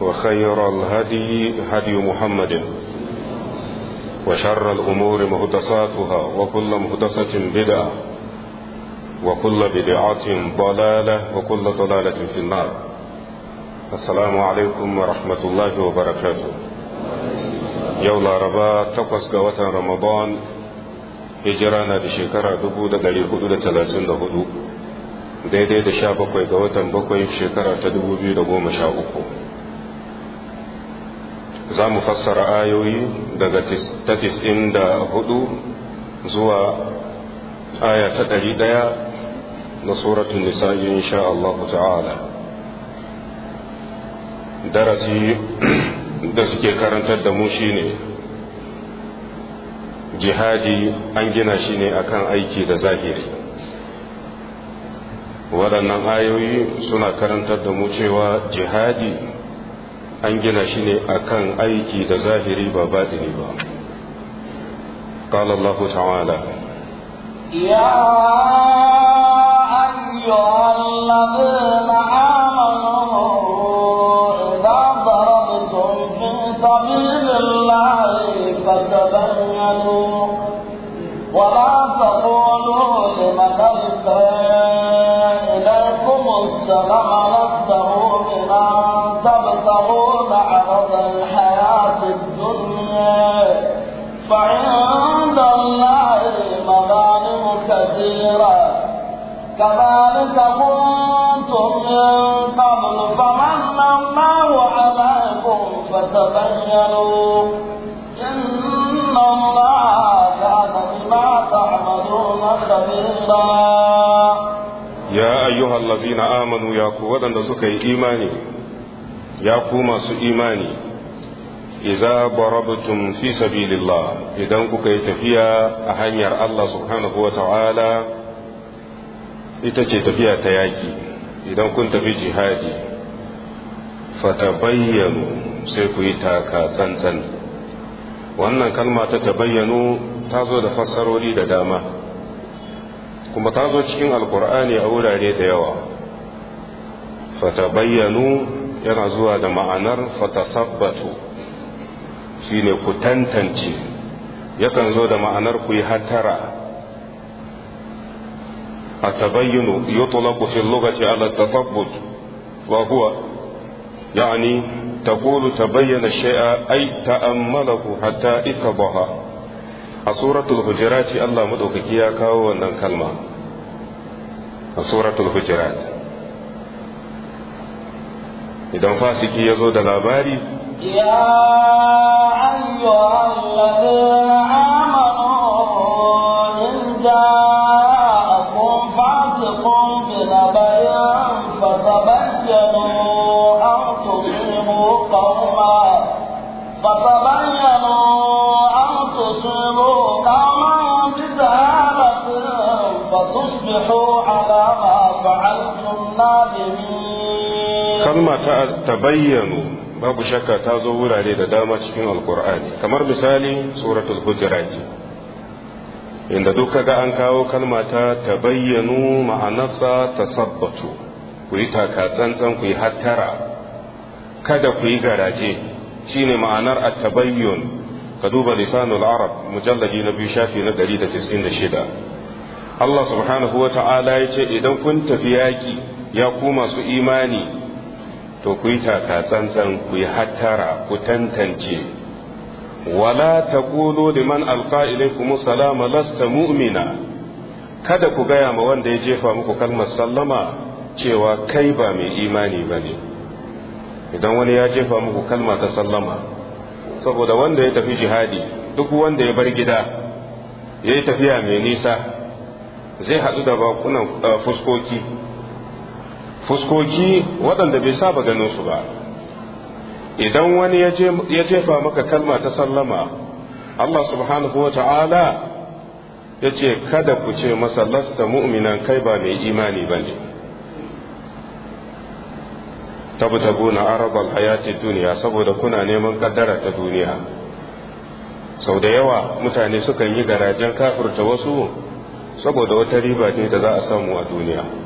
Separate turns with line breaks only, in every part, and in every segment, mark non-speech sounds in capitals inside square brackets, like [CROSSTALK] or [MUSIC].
وخير الهدي هدي محمد وشر الأمور مهدساتها وكل مهدسة بدعة وكل بدعة ضلالة وكل ضلالة في النار السلام عليكم ورحمة الله وبركاته يولا ربا تقص قوة رمضان هجرانا بشكرة دبودة لليهود تلاتين دهدو دي دي sha bakwai قوة watan bakwai shekara ta dubu za mu fassara ayoyi daga ta tis'in da hudu zuwa aya ta ɗari ɗaya na suratun nisa'i insha Allah ta'ala darasi da suke karantar da mu shine jihadi an gina shi ne akan aiki da zahiri waɗannan ayoyi suna karantar da mu cewa jihadi an gina shi ne akan aiki da zahiri ba baɗini ba قال الله تعالى
يا أيها الذين آمنوا إذا ضربتم في سبيل الله فتبينوا ولا تقولوا لمن ألقى إليكم السلام لستم يبتغون عرض الحياة الدنيا فعند الله مغانم كثيرة كذلك كنتم من قبل فمن الله عليكم فتبينوا إن الله كان بما تعملون خبيرا
يا أيها الذين آمنوا يا قوة لسكي إيماني ya ku masu imani iza barabtum fi sabilillah idan kuka yi tafiya a hanyar Allah subhanahu wa ta'ala ita ce tafiya ta yaƙi idan kun tafi jihadi fatabayyanu sai ku taka tsantsan wannan kalma ta tabayyanu ta zo da fassarori da dama kuma ta zo cikin alkur'ani a wurare da yawa fatabayyanu yana zuwa da ma'anar fatasabbatu shine ku tantance yakan zo da ma'anar ku yi hattara a tabayyunu yutlaqu fi lugati ala tatabbut wa huwa yani taqulu tabayyana shay'a ay ta'ammalahu hatta ikbaha a suratul hujurat Allah madaukaki ya kawo wannan kalma a suratul hujurat إذا فاسق يزود الأباري يا
أيها الذين آمنوا إن أن جاءكم فتبينوا تصيبوا قوما فتبينوا أن تصيبوا قوما labari فتصبحوا على ما فعلتم نادمين
kalma ta tabayyanu babu shakka ta zo wurare da dama cikin alkur'ani kamar misali suratul hujurat inda duk kaga an kawo kalma ta tabayyanu ma'anarsa tasabbatu ku yi taka tsantsan ku yi hattara kada ku yi garaje shine ma'anar at-tabayyun ka duba lisanul arab mujalladi na biyu shafi na 196 Allah subhanahu wa ta'ala ya ce idan kun tafi yaki ya ku masu imani to ku yi tsantsan ku yi hattara ku tantance wala taqulu liman alqa ilaykum salama lasta mu'mina kada ku gaya ma wanda ya jefa muku kalmar sallama cewa kai ba mai imani bane idan wani ya jefa muku kalma ta sallama saboda wanda ya tafi jihadi duk wanda ya bar gida ya yi tafiya mai nisa zai haɗu da bakunan eh, fuskoki fuskoki waɗanda bai saba ganin su ba idan wani ya jefa maka kalma ta sallama Allah subhanahu wa ta'ala ya ce kada ku ce masallasta mu'minan kai ba mai imani ba ne gona arabal hayati duniya saboda kuna neman kaddara ta duniya sau da yawa mutane sukan yi garajen kafirta wasu saboda wata riba ne da za a samu a duniya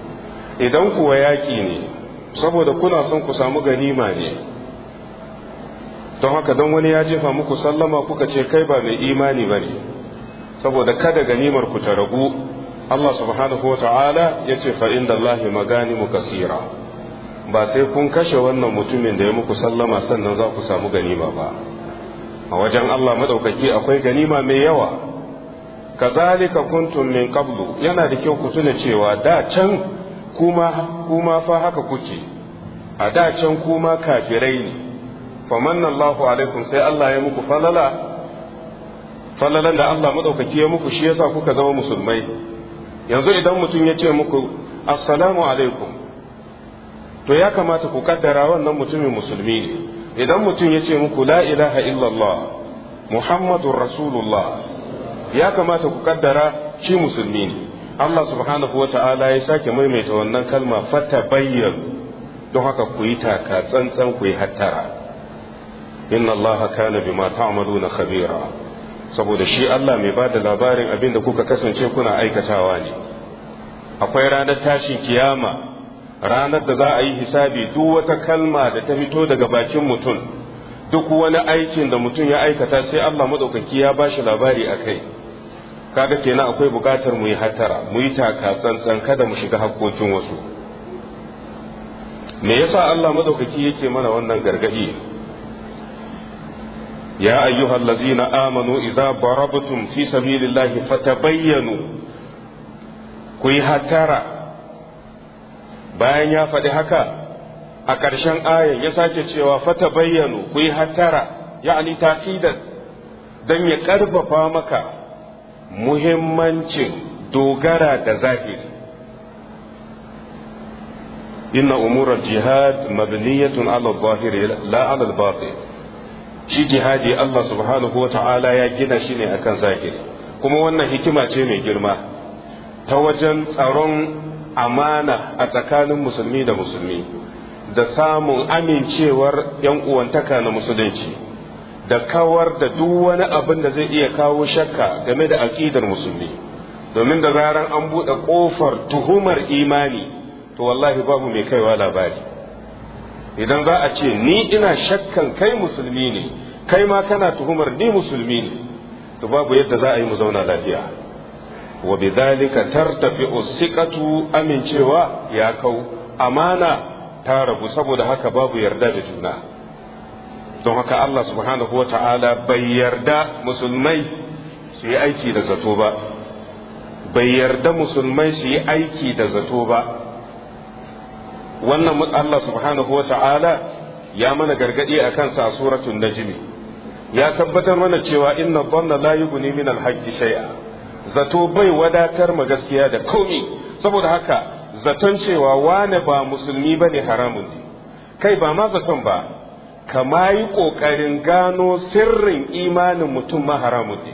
idan kuwa yaƙi ne saboda kuna son ku samu ganima ne don haka don wani ya jefa muku sallama kuka ce kai ba mai imani ba ne saboda kada ganimar ku ta ragu Allah subhanahu wa ta'ala ya ce fa'in da Allah maganimu kasira ba sai kun kashe wannan mutumin da ya muku sallama sannan za ku samu ganima ba a wajen Allah maɗaukaki akwai ganima mai yawa kazalika kuntun min qablu yana da kyau ku tuna cewa da can kuma kuma fa haka kuke a da can kuma kafirai ne famanna Allahu alaikum sai Allah ya muku falala falalan da Allah madaukaki ya muku shi yasa kuka zama musulmai yanzu idan mutum ya ce muku assalamu alaikum to ya kamata ku kaddara wannan mutumin musulmi ne idan mutum ya ce muku la ilaha illallah muhammadur rasulullah ya kamata ku kaddara shi musulmi ne Allah subhanahu wata'ala ya sake maimaita wannan kalma fata bayyan don haka ku yi taka tsantsan ku yi hattara inna Allah kana bima ta'maluna khabira saboda shi Allah mai ba da labarin abin da kuka kasance kuna aikatawa ne akwai ranar tashin kiyama ranar da za a yi hisabi duk wata kalma da ta fito daga bakin mutum duk wani aikin da mutum ya aikata sai Allah madaukaki ya bashi labari a kai kaga kenan akwai bukatar mu yi hatara mu yi taka tsantsan kada mu shiga hakkokin wasu me yasa Allah madaukaki yake mana wannan gargadi ya ayyuhal ladzina amanu idza barabtum fi sabilillahi fatabayyanu ku yi hatara bayan ya faɗi haka a ƙarshen ayan ya sake cewa fatabayyanu ku yi hatara ya ani taqidan dan ya karfafa maka muhimmancin dogara da zahiri inna umurar jihad mabniyatun ala zahiri la ala batin shi jihadi Allah subhanahu wa ta'ala ya gina shi ne akan zahiri kuma wannan hikima ce mai girma ta wajen tsaron amana a tsakanin musulmi da musulmi da samun amincewar 'yan uwantaka na musulunci da kawar da duk wani abin da zai iya kawo shakka game da aƙidar musulmi domin da zaran an buɗe ƙofar tuhumar imani to wallahi babu mai kaiwa labari idan za a ce ni ina shakkan kai musulmi ne kai ma kana tuhumar ni musulmi ne to babu yadda za a yi mu zauna lafiya wa bidhalika tartafi usiqatu amincewa ya kau amana ta rabu saboda haka babu yarda da juna don haka Allah subhanahu wa ta'ala bai yarda musulmai su yi aiki da zato ba bai yarda musulmai su yi aiki da zato ba wannan Allah subhanahu wa ta'ala ya mana gargaɗi a kansa a suratun najmi ya tabbatar mana cewa inna dhanna la yughni min al-haqqi shay'a zato bai wadatar ma gaskiya da komi saboda haka zaton cewa wane ba musulmi bane haramun kai ba ma zaton ba kama yi ƙoƙarin gano sirrin imanin mutum ne.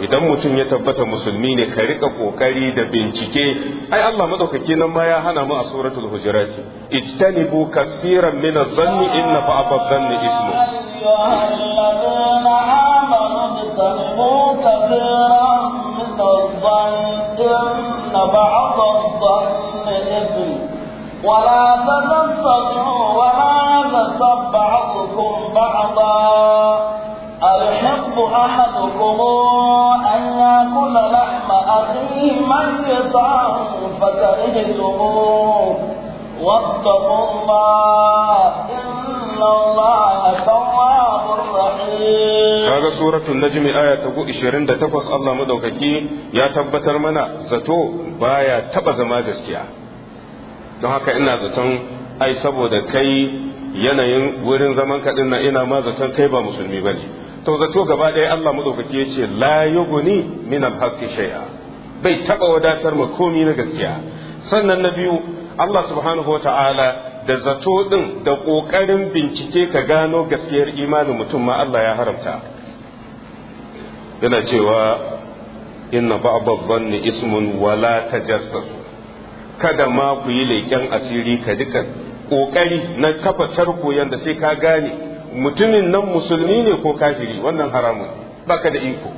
idan mutum ya tabbata musulmi ne ka riƙa ƙoƙari da bincike ai Allah maɗaukaki nan ma ya hana mu a suratul hujurati ijtanibu kaseeran min adh-dhanni inna ba'd adh
ismu إن ولا تتبعوا ولا تتبعكم بعضا أيحب أحدكم أن يأكل لحم أخيه ميتا فكرهتموه واتقوا الله إن الله تواب رحيم
kaga suratul najmi aya ta 28 Allah madaukaki ya tabbatar mana zato baya taba zama gaskiya don haka ina zaton ai saboda kai yanayin wurin zaman ka na ina ma zaton kai ba musulmi ba ne to zato gaba ɗaya Allah madaukaki ya ce la yuguni min al-haqqi shay'a bai taba wadatar ma komi na gaskiya sannan na biyu Allah subhanahu wata'ala da zato ɗin da ƙoƙarin bincike ka gano gaskiyar imanin mutum ma Allah ya haramta yana cewa inna adh dhanni ismun wala tajassasu kada ma ku yi leƙen asiri ka duka ƙoƙari na kafa tarko yadda sai ka gane mutumin nan musulmi ne ko kafiri wannan haramun baka da iko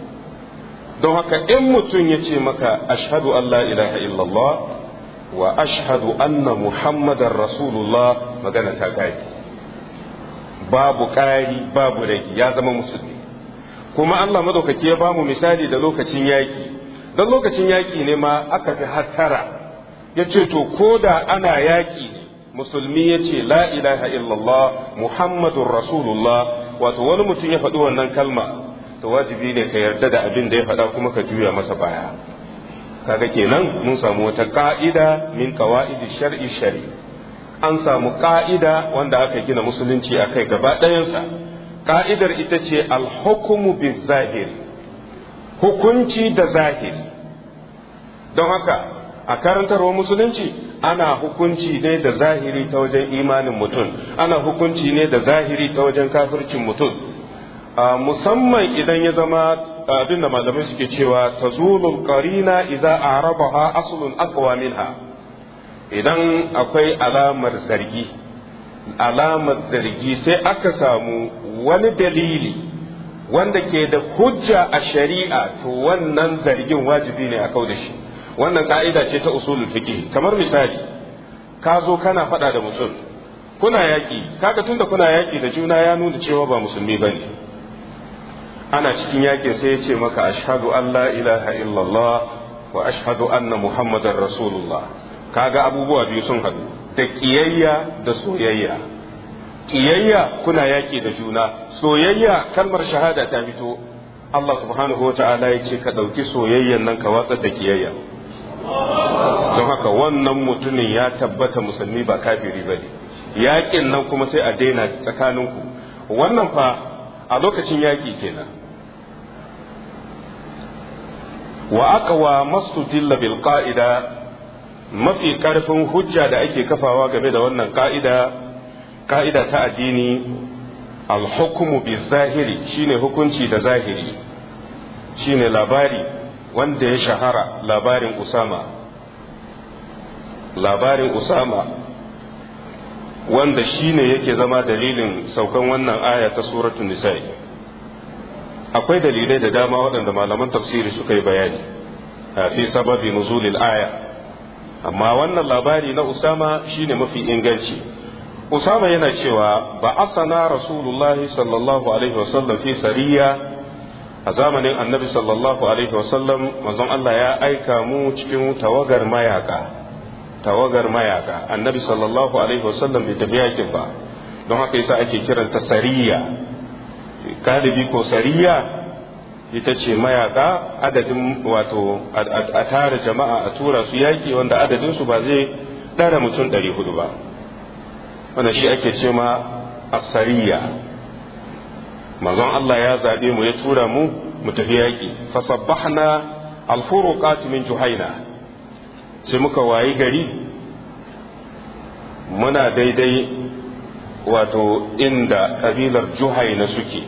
don haka in mutum ya ce maka ashadu Allah ilaha illallah wa ashadu anna muhammadar rasulullah magana ta gari babu ƙari babu rage ya zama musulmi kuma Allah madaukaki ya bamu misali da lokacin yaƙi don lokacin yaƙi ne ma aka fi hattara ya ce to ko da ana yaƙi musulmi ya ce la ilaha illallah muhammadun rasulullah wato wani mutum ya faɗi wannan kalma to wajibi ne ka yarda da abin da ya faɗa kuma ka juya masa baya kaga kenan mun samu wata ka'ida min qawaidi shar'i shari an samu ka'ida wanda aka gina musulunci akai gaba ɗayansa ka'idar ita ce al-hukmu hukunci da zahiri don haka a karantarwa musulunci ana hukunci ne da zahiri ta wajen imanin mutum ana hukunci ne da zahiri ta wajen kafircin mutum musamman idan ya zama abin da malamai suke cewa ta tazulul a idza arabaha aslun min minha idan akwai alamar zargi alamar zargi sai aka samu wani dalili wanda ke da hujja a shari'a to wannan zargin wajibi ne a kau da shi wannan ka'ida ce ta usulul fiqh kamar misali ka zo kana faɗa da mutum kuna yaƙi kaga tunda kuna yaƙi da juna ya nuna cewa ba musulmi bane ana cikin yaƙi sai ya ce maka ashhadu an la ilaha illallah wa ashhadu anna muhammadar rasulullah kaga abubuwa biyu sun haɗu da ƙiyayya da soyayya ƙiyayya kuna yaƙi da juna soyayya kalmar shahada ta fito Allah subhanahu wa ta'ala ya ce ka ɗauki soyayyan nan ka watsar da kiyayya don haka wannan mutumin ya tabbata musulmi ba kafiri ba ne yaƙin nan kuma sai a daina tsakaninku wannan fa a lokacin yaƙi kenan wa aqwa mastudilla bil ƙa’ida mafi ƙarfin hujja da ake kafawa game da wannan ƙa'ida ƙa'ida ta addini al bi zahiri shine hukunci da zahiri shine labari wanda ya shahara labarin usama labarin usama wanda shine yake zama dalilin saukan wannan aya ta suratu nisa'i akwai dalilai da dama waɗanda malaman tafsiri suka yi bayani fi sababi nuzulil aya amma wannan labari na usama shine mafi inganci usama yana cewa ba asana rasulullahi sallallahu alaihi wasallam fi sariya a zamanin annabi sallallahu alaihi wasallam manzon Allah ya aika mu cikin tawagar mayaka tawagar mayaka annabi sallallahu alaihi wasallam bai tafi yakin ba don haka yasa ake kiran kiranta sariya galibi ko sariya ita ce mayaka adadin wato a tara jama'a a tura su yaki wanda adadin su ba zai dara mutum ɗari hudu ba wannan shi ake ce ma asariya manzon Allah ya zaɓe mu ya tura mu mu tafi yaki fasabbahna alfuruqat min juhaina sai muka wayi gari muna daidai wato inda kabilar juhaina suke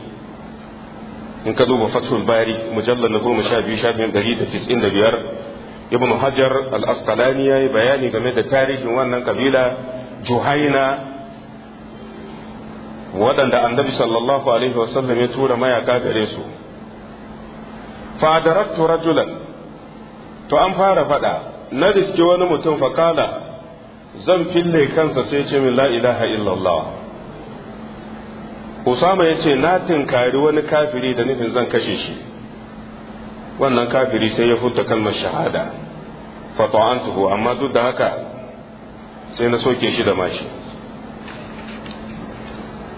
in ka duba fathul bari mujallar na goma sha biyu shafin gari da tis'in da biyar ibn hajar al-asqalani ya yi bayani game da tarihin wannan kabila juhaina waɗanda annabi sallallahu alaihi wasallam ya tura mayaka gare su fadarattu rajulan to an fara faɗa na riski wani mutum fakala zan fille kansa sai ce min la ilaha illallah Usama ya ce na tinkari wani kafiri da nufin zan kashe shi wannan kafiri sai ya futa kalmar shahada fata'antuhu amma duk da haka sai na soke shi da mashi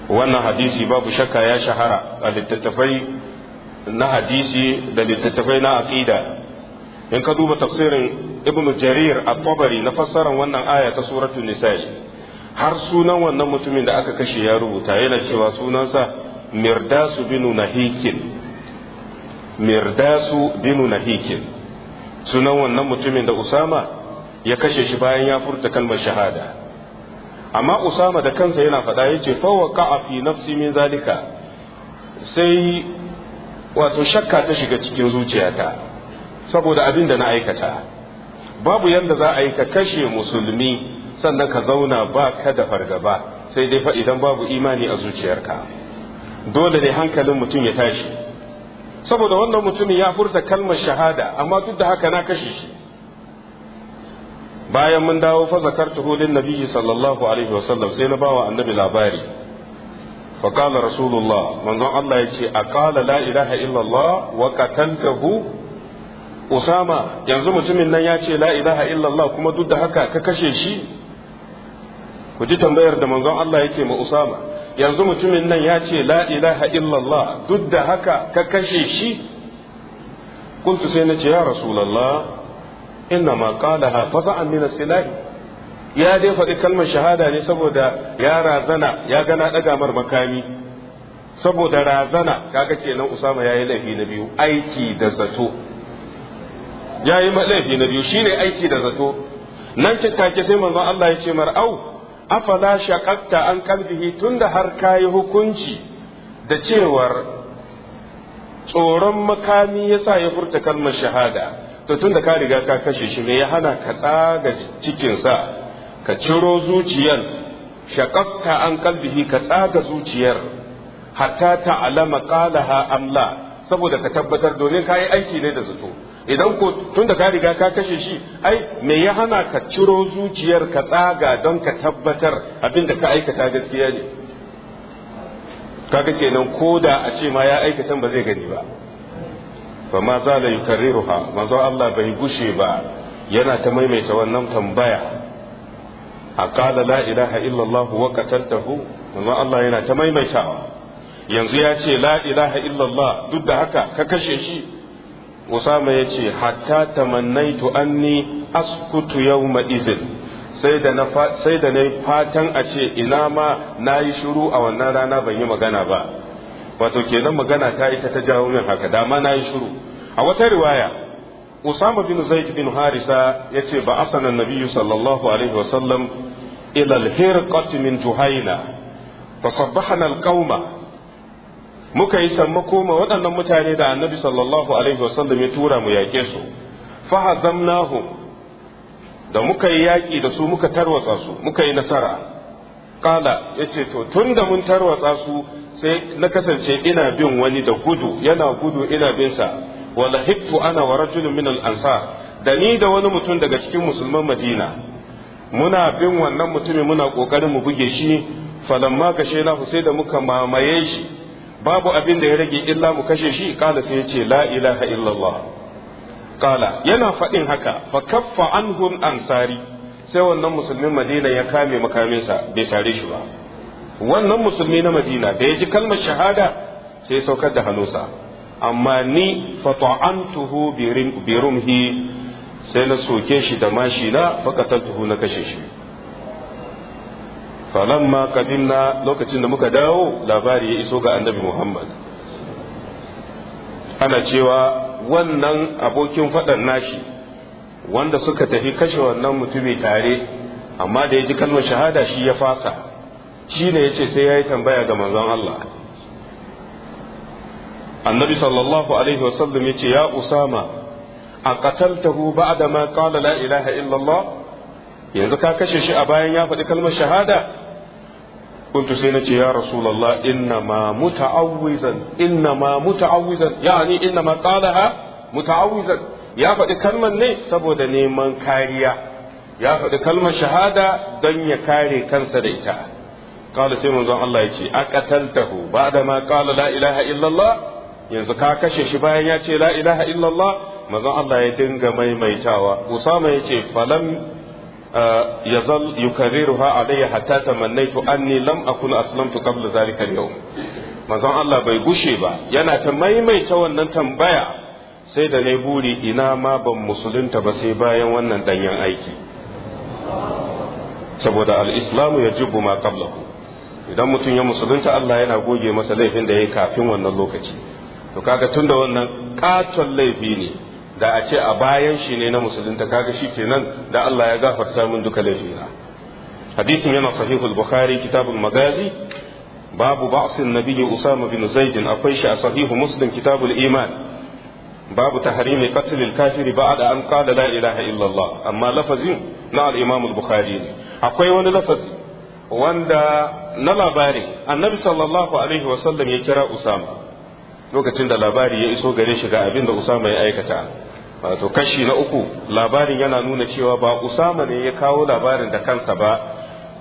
wannan hadisi babu shakka ya shahara a littattafai na hadisi da littattafai na aqida in ka duba tafsirin ibnu jarir a tabari na fassarar wannan aya ta suratul nisa'i har sunan wannan mutumin da aka kashe ya rubuta yana cewa sunansa mirdasu binu nahikin mirdasu binu nahikin sunan wannan mutumin da usama ya kashe shi bayan ya furta kalmar shahada amma usama da kansa yana faɗa ya ce fawaka fi nafsi min zalika sai wato shakka ta shiga cikin zuciyata saboda abin da na aikata babu yadda za a yi ka kashe musulmi sannan ka zauna ba ka da fargaba sai dai fa idan babu imani a zuciyarka dole ne hankalin mutum ya tashi saboda wannan mutumin ya furta kalmar shahada amma duk da haka na kashe shi bayan mun dawo fa zakartuhu lin nabiyyi sallallahu alaihi wasallam sai na bawa annabi labari fa qala rasulullah manzon Allah yace aqala la ilaha illallah wa qataltahu usama yanzu mutumin nan yace la ilaha illallah kuma duk da haka ka kashe shi ku ji tambayar da manzon Allah yake ma usama yanzu mutumin nan yace la ilaha illallah duk da haka ka kashe shi kuntu sai na ce ya rasulullah inna ma qalaha fasa'an min as-silahi ya dai faɗi kalmar shahada ne saboda ya razana ya gana daga mar makami saboda razana kaga kenan Usama yayi laifi na biyu aiki da zato yayi laifi na biyu shine aiki da zato nan take sai manzon Allah ya ce mar au afala shaqaqta an kalbihi tunda har kayi hukunci da cewar tsoron makami yasa ya furta kalmar shahada to tun da ka riga ka kashe shi ne ya hana ka tsaga cikinsa ka ciro zuciyar shakafta an kalbihi ka tsaga zuciyar hatta ta'alama qalaha amla saboda ka tabbatar domin ka aiki ne da zato idan ko tun da ka riga ka kashe shi ai me ya hana ka ciro zuciyar ka tsaga don ka tabbatar abin da ka aikata gaskiya ne kaga kenan ko da a ce ma ya aikatan ba zai gani ba fa ma za la yukarriruha manzo Allah bai gushe ba yana ta maimaita wannan tambaya a qala la ilaha Allah wa qataltahu manzo Allah yana ta maimaitawa yanzu ya ce la ilaha illallah duk da haka ka kashe shi Usama ya ce hatta tamannaitu anni askutu yawma idhin sai da na sai da fatan a ce ina ma nayi shiru a wannan rana ban yi magana ba wato kenan magana ta ita ta jawo min haka dama na yi shiru a wata riwaya usama bin zaid bin harisa yace ba asana nabiyyu sallallahu alaihi wasallam ila al-hirqat min juhaina fasabbahana al-qauma muka yi sammako ma waɗannan mutane da annabi sallallahu alaihi sallam ya tura mu yake su fahazamnahum da muka yi yaƙi da su muka tarwatsa su muka yi nasara kala yace to tunda mun tarwatsa su sai na kasance ina bin wani da gudu yana gudu ina bin sa wala hibtu ana wa rajulun min al da ni da wani mutum daga cikin musulman madina muna bin wannan mutumin muna kokarin mu buge shi falamma kashe na sai da muka mamaye shi babu abin da ya rage illa mu kashe shi kala sai ya ce la ilaha illallah kala yana faɗin haka fa kaffa anhum ansari sai wannan musulmin madina ya kame makaminsa bai tare shi ba wannan musulmi na madina da ya ji kalmar shahada sai saukar da halusa. amma ni fata'antuhu bi rumhi sai na soke shi da mashi na fakatantuhu na kashe shi ma falamma na lokacin da muka dawo labari ya iso ga annabi muhammad ana cewa wannan abokin faɗan nashi wanda suka tafi kashe wannan mutumi tare amma da ya ji kalmar shahada shi ya fasa shine yace sai yayi tambaya ga manzon Allah annabi sallallahu alaihi wasallam yace ya usama a qataltahu ba'da ma qala la ilaha illallah yanzu ka kashe shi a bayan ya faɗi kalmar shahada kuntu sai nace ya rasulullah inna ma muta'awwizan inna ma muta'awwizan yani inna ma qalaha muta'awwizan ya faɗi kalmar ne saboda neman kariya ya faɗi kalmar shahada don ya kare kansa da ita kala sai manzon Allah ya ce aqataltahu ba'da ma qala la ilaha illallah yanzu ka kashe shi bayan ya ce la ilaha illallah manzon Allah ya dinga maimaitawa usama ya ce falam uh, yazal yukarriruha alayya hatta tamannaitu anni lam akun kabla qabla zalika yau yawm manzon Allah bai gushe ba yana ta maimaita wannan tambaya sai da nayi buri ina ma ban musulunta ba sai bayan wannan danyen aiki saboda al-islamu yajibu ma qablahu idan mutum ya musulunta Allah yana goge masa laifin da ya yi kafin wannan lokaci to kaga tun da wannan katon laifi ne da a ce a bayan shi ne na musulunta kaga shi kenan da Allah ya gafarta mun duka laifina hadisin yana sahihul bukhari kitabul magazi babu ba'sin nabiyyi usama bin zaid akwai shi a sahihu muslim kitabul iman babu tahrimi qatl al kafiri ba'da an qala la ilaha illa allah amma lafazin na al imam al bukhari ne akwai wani lafazi wanda na labari annabi sallallahu alaihi wasallam ya kira usama lokacin da labari ya iso gare shi ga abin da usama ya aikata wato kashi na uku labarin yana nuna cewa ba usama ne ya kawo labarin da kansa ba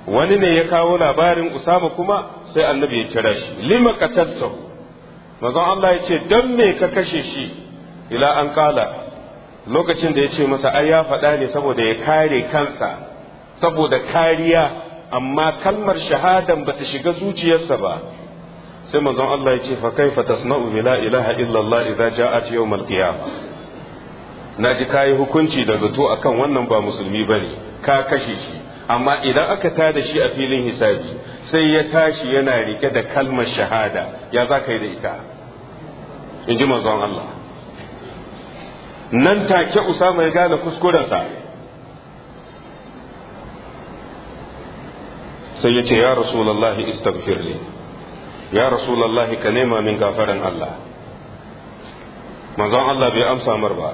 wani ne ya kawo labarin usama kuma sai annabi ya kira shi lima qataltahu manzon Allah ya ce dan me ka kashe shi ila an kala lokacin da ya ce masa ai ya faɗa ne saboda ya kare kansa saboda kariya amma kalmar shahadan bata shiga zuciyarsa ba sai manzon Allah ya ce fa kaifa tasna'u bi ilaha illa Allah idza ja'at yawm al-qiyamah naji kai hukunci da zato akan wannan ba musulmi bane ka kashe shi amma idan aka tada shi a filin hisabi sai ya tashi yana rike da kalmar shahada ya za ka yi da ita in ji manzon Allah nan take Usama ya gane kuskurensa sai ya ce ya rasulullahi istaghfirli ya rasulullahi ka nema min gafaran Allah manzon Allah bai amsa mar ba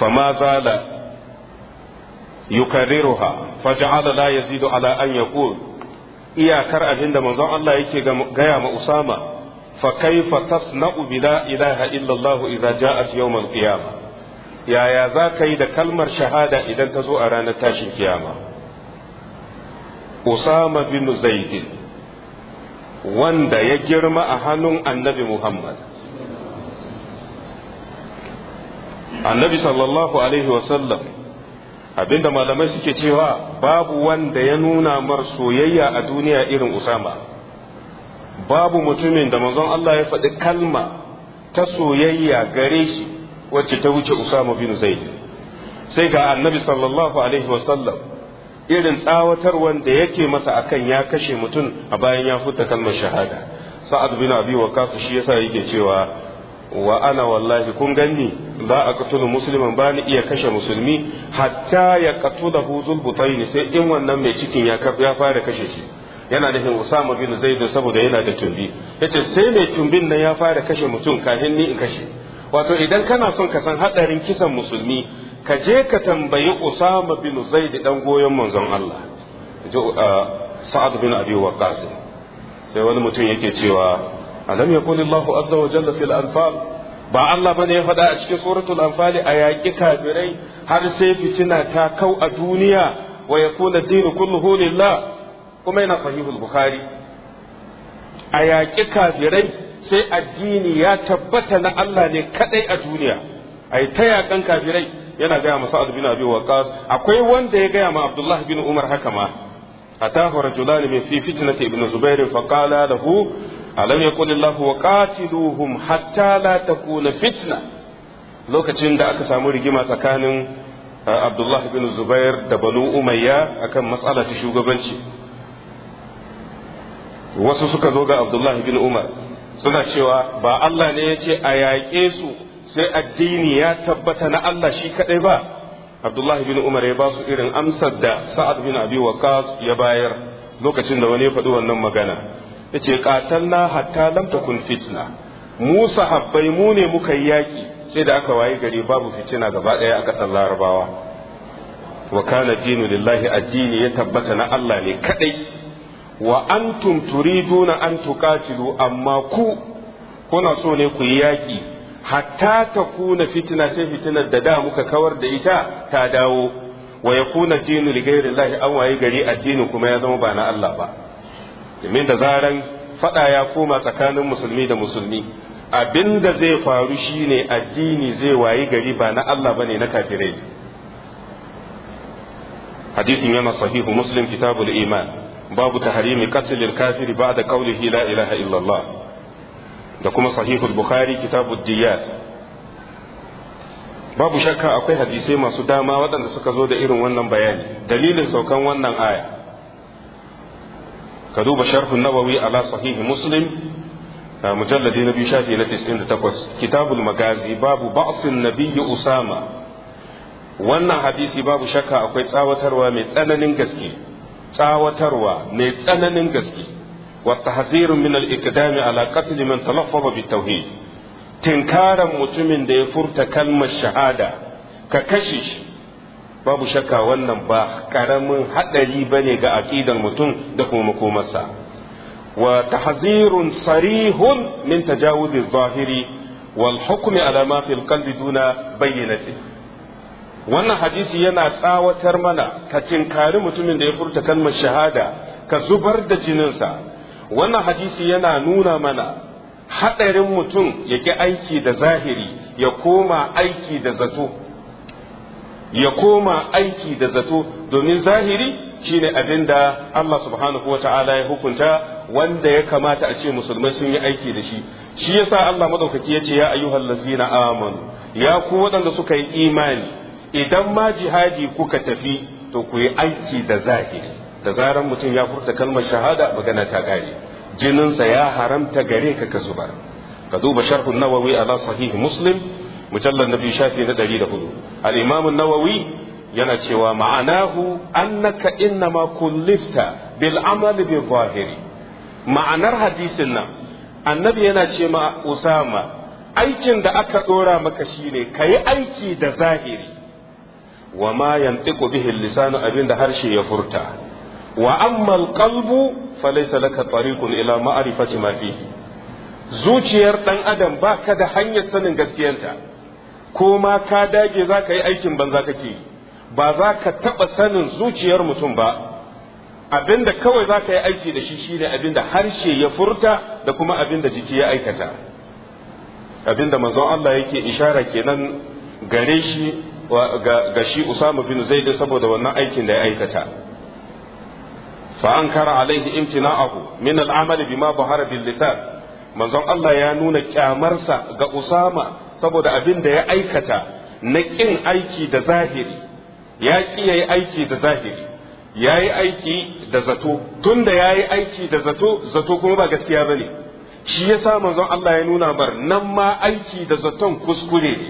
fama zala yukarriruha faj'ala la yazidu ala an yaqul iyakar abinda manzon Allah yake gaya ma Usama fa kaifa tasna'u bila ilaha illallah idza ja'at yawm al-qiyamah yaya za ka yi da kalmar shahada idan ta zo a ranar tashin kiyama usama bin zaidin wanda ya girma a hannun annabi muhammad annabi sallallahu alaihi wasallam abinda malamai suke cewa babu wanda ya nuna mar soyayya a duniya irin usama babu mutumin da manzon Allah ya faɗi kalma ta soyayya gare shi wacce ta wuce usama bin zaid sai ga annabi sallallahu alaihi wasallam irin tsawatarwan da yake masa akan ya kashe mutum a bayan ya furta kalmar shahada sa'ad bin abi waqas shi yasa yake cewa wa ana wallahi kun ganni za a katulu musulman ba ni iya kashe musulmi hatta ya katula huzul sai in wannan mai cikin ya ya fara kashe shi yana nufin usama bin zaid saboda yana da tumbi yace sai mai tumbin nan ya fara kashe mutum kafin ni in kashe wato idan kana son ka san hadarin kisan musulmi ka je ka tambayi Usama bin Zaid dan goyon manzon Allah uh, Sa'ad bin Abi Waqqas sai wani mutum yake cewa alam yaqul Allahu azza wa jalla fil anfal ba Allah bane ya faɗa a cikin suratul anfal a yaƙi kafirai har sai fitina ta kau a duniya wa yakuna ad-din kulluhu lillah kuma yana sahihul bukhari a yaƙi kafirai sai addini ya tabbata na Allah ne kadai a duniya ai ta yaƙan kafirai yana gaya ma sa'ad bin abi waqas akwai wanda ya gaya ma abdullah bin umar haka ma atahu rajulan min fi fitnati ibn zubair fa qala lahu alam yaqul allah wa qatiluhum hatta la takuna fitna lokacin da aka samu rigima tsakanin uh, abdullah bin zubair da banu umayya akan matsalar shugabanci wasu suka zo ga abdullah bin umar suna cewa ba allah ne ya ce a yaƙe su sai addini ya tabbata na Allah shi kadai ba Abdullah bin Umar ya ba su irin amsar da Sa'ad bin Abi Waqqas ya bayar lokacin da wani ya faɗi wannan magana yace qatalna hatta lam takun fitna mu sahabbai mu ne muka yi yaki sai da aka wayi gari babu fitina gaba ɗaya a ƙasar Larabawa wa kana dinu lillahi addini ya tabbata na Allah ne kadai wa antum turiduna an tuqatilu amma ku kuna so ne ku yi yaki hatta ta kuna fitina sai fitinar da da muka kawar da ita ta dawo wa ya kuna dinu li ghairi an waye gari addini kuma ya zama ba na Allah ba domin da zaran fada ya koma tsakanin musulmi da musulmi abinda zai faru shine addini zai wayi gari ba na Allah bane na kafirai hadisin yana sahihu muslim kitabul iman babu tahrimi qatlil kafiri ba'da qawlihi la ilaha illallah da kuma sahihul bukhari kitabud diyat babu shakka akwai hadisai masu dama waɗanda suka zo da irin wannan bayani dalilin saukan wannan aya ka duba sharhun nawawi ala sahihi muslim mujalladi na biyu shafi na 98 kitabul magazi babu ba'sin nabiyyi usama wannan hadisi babu shakka akwai tsawatarwa mai tsananin gaske tsawatarwa mai tsananin gaske والتحذير من الإقدام على قتل من تلفظ بالتوحيد tinkaran mutumin da ya furta kalmar shahada ka kashe babu shakka wannan ba karamin hadari bane ga aƙidar mutum da kuma makomarsa wa tahzirun sarihun min tajawuz zahiri wal hukmi ala ma fil qalbi duna bayyinati hadisi yana tsawatar mana ka tinkari mutumin da ya furta kalma shahada ka zubar da jininsa wannan hadisi yana nuna mana haɗarin mutum ya ƙi aiki da zahiri ya koma aiki da zato ya koma aiki da zato domin zahiri shi ne abin da Allah subhanahu wa ta'ala ya hukunta wanda ya kamata a ce musulmai sun yi aiki da shi shi yasa Allah madaukaki ya ce ya ayyuhal lazina amanu ya ku waɗanda suka yi imani idan ma jihadi kuka tafi to ku yi aiki da zahiri da zaran mutum ya furta kalmar shahada magana ta kare jininsa ya haramta gare ka ka zubar ka duba sharhun nawawi ala sahih muslim mujallar nabi shafi na ɗari al-imam Alimamin nawawi yana cewa ma'anahu annaka innama kullifta bil amal bil zahiri ma'anar hadisin nan annabi yana ce ma usama aikin da aka dora maka shine kayi aiki da zahiri wa ma yantiqu bihi lisanu abinda harshe ya furta wa amma alqalbu falaysa laka tariqun ila ma'rifati ma fi zuciyar dan adam ba ka da hanyar sanin gaskiyarta ko ma ka dage za ka yi aikin banza kake ba za ka taɓa sanin zuciyar mutum ba abinda kawai za ka yi aiki da shi shine abinda harshe ya furta da kuma abinda jiki ya aikata abinda manzon Allah yake ishara kenan gare shi ga shi Usama bin Zaid saboda wannan aikin da ya aikata fa ankara alaihi imtina'ahu min al'amal bima bahara bil lisan manzon Allah ya nuna kyamarsa ga Usama saboda abin da ya aikata na ƙin aiki da zahiri ya ya yi aiki da zahiri yayi aiki da zato tunda yayi aiki da zato zato kuma ba gaskiya ba ne. shi yasa manzon Allah ya nuna bar nan ma aiki da zaton kuskure ne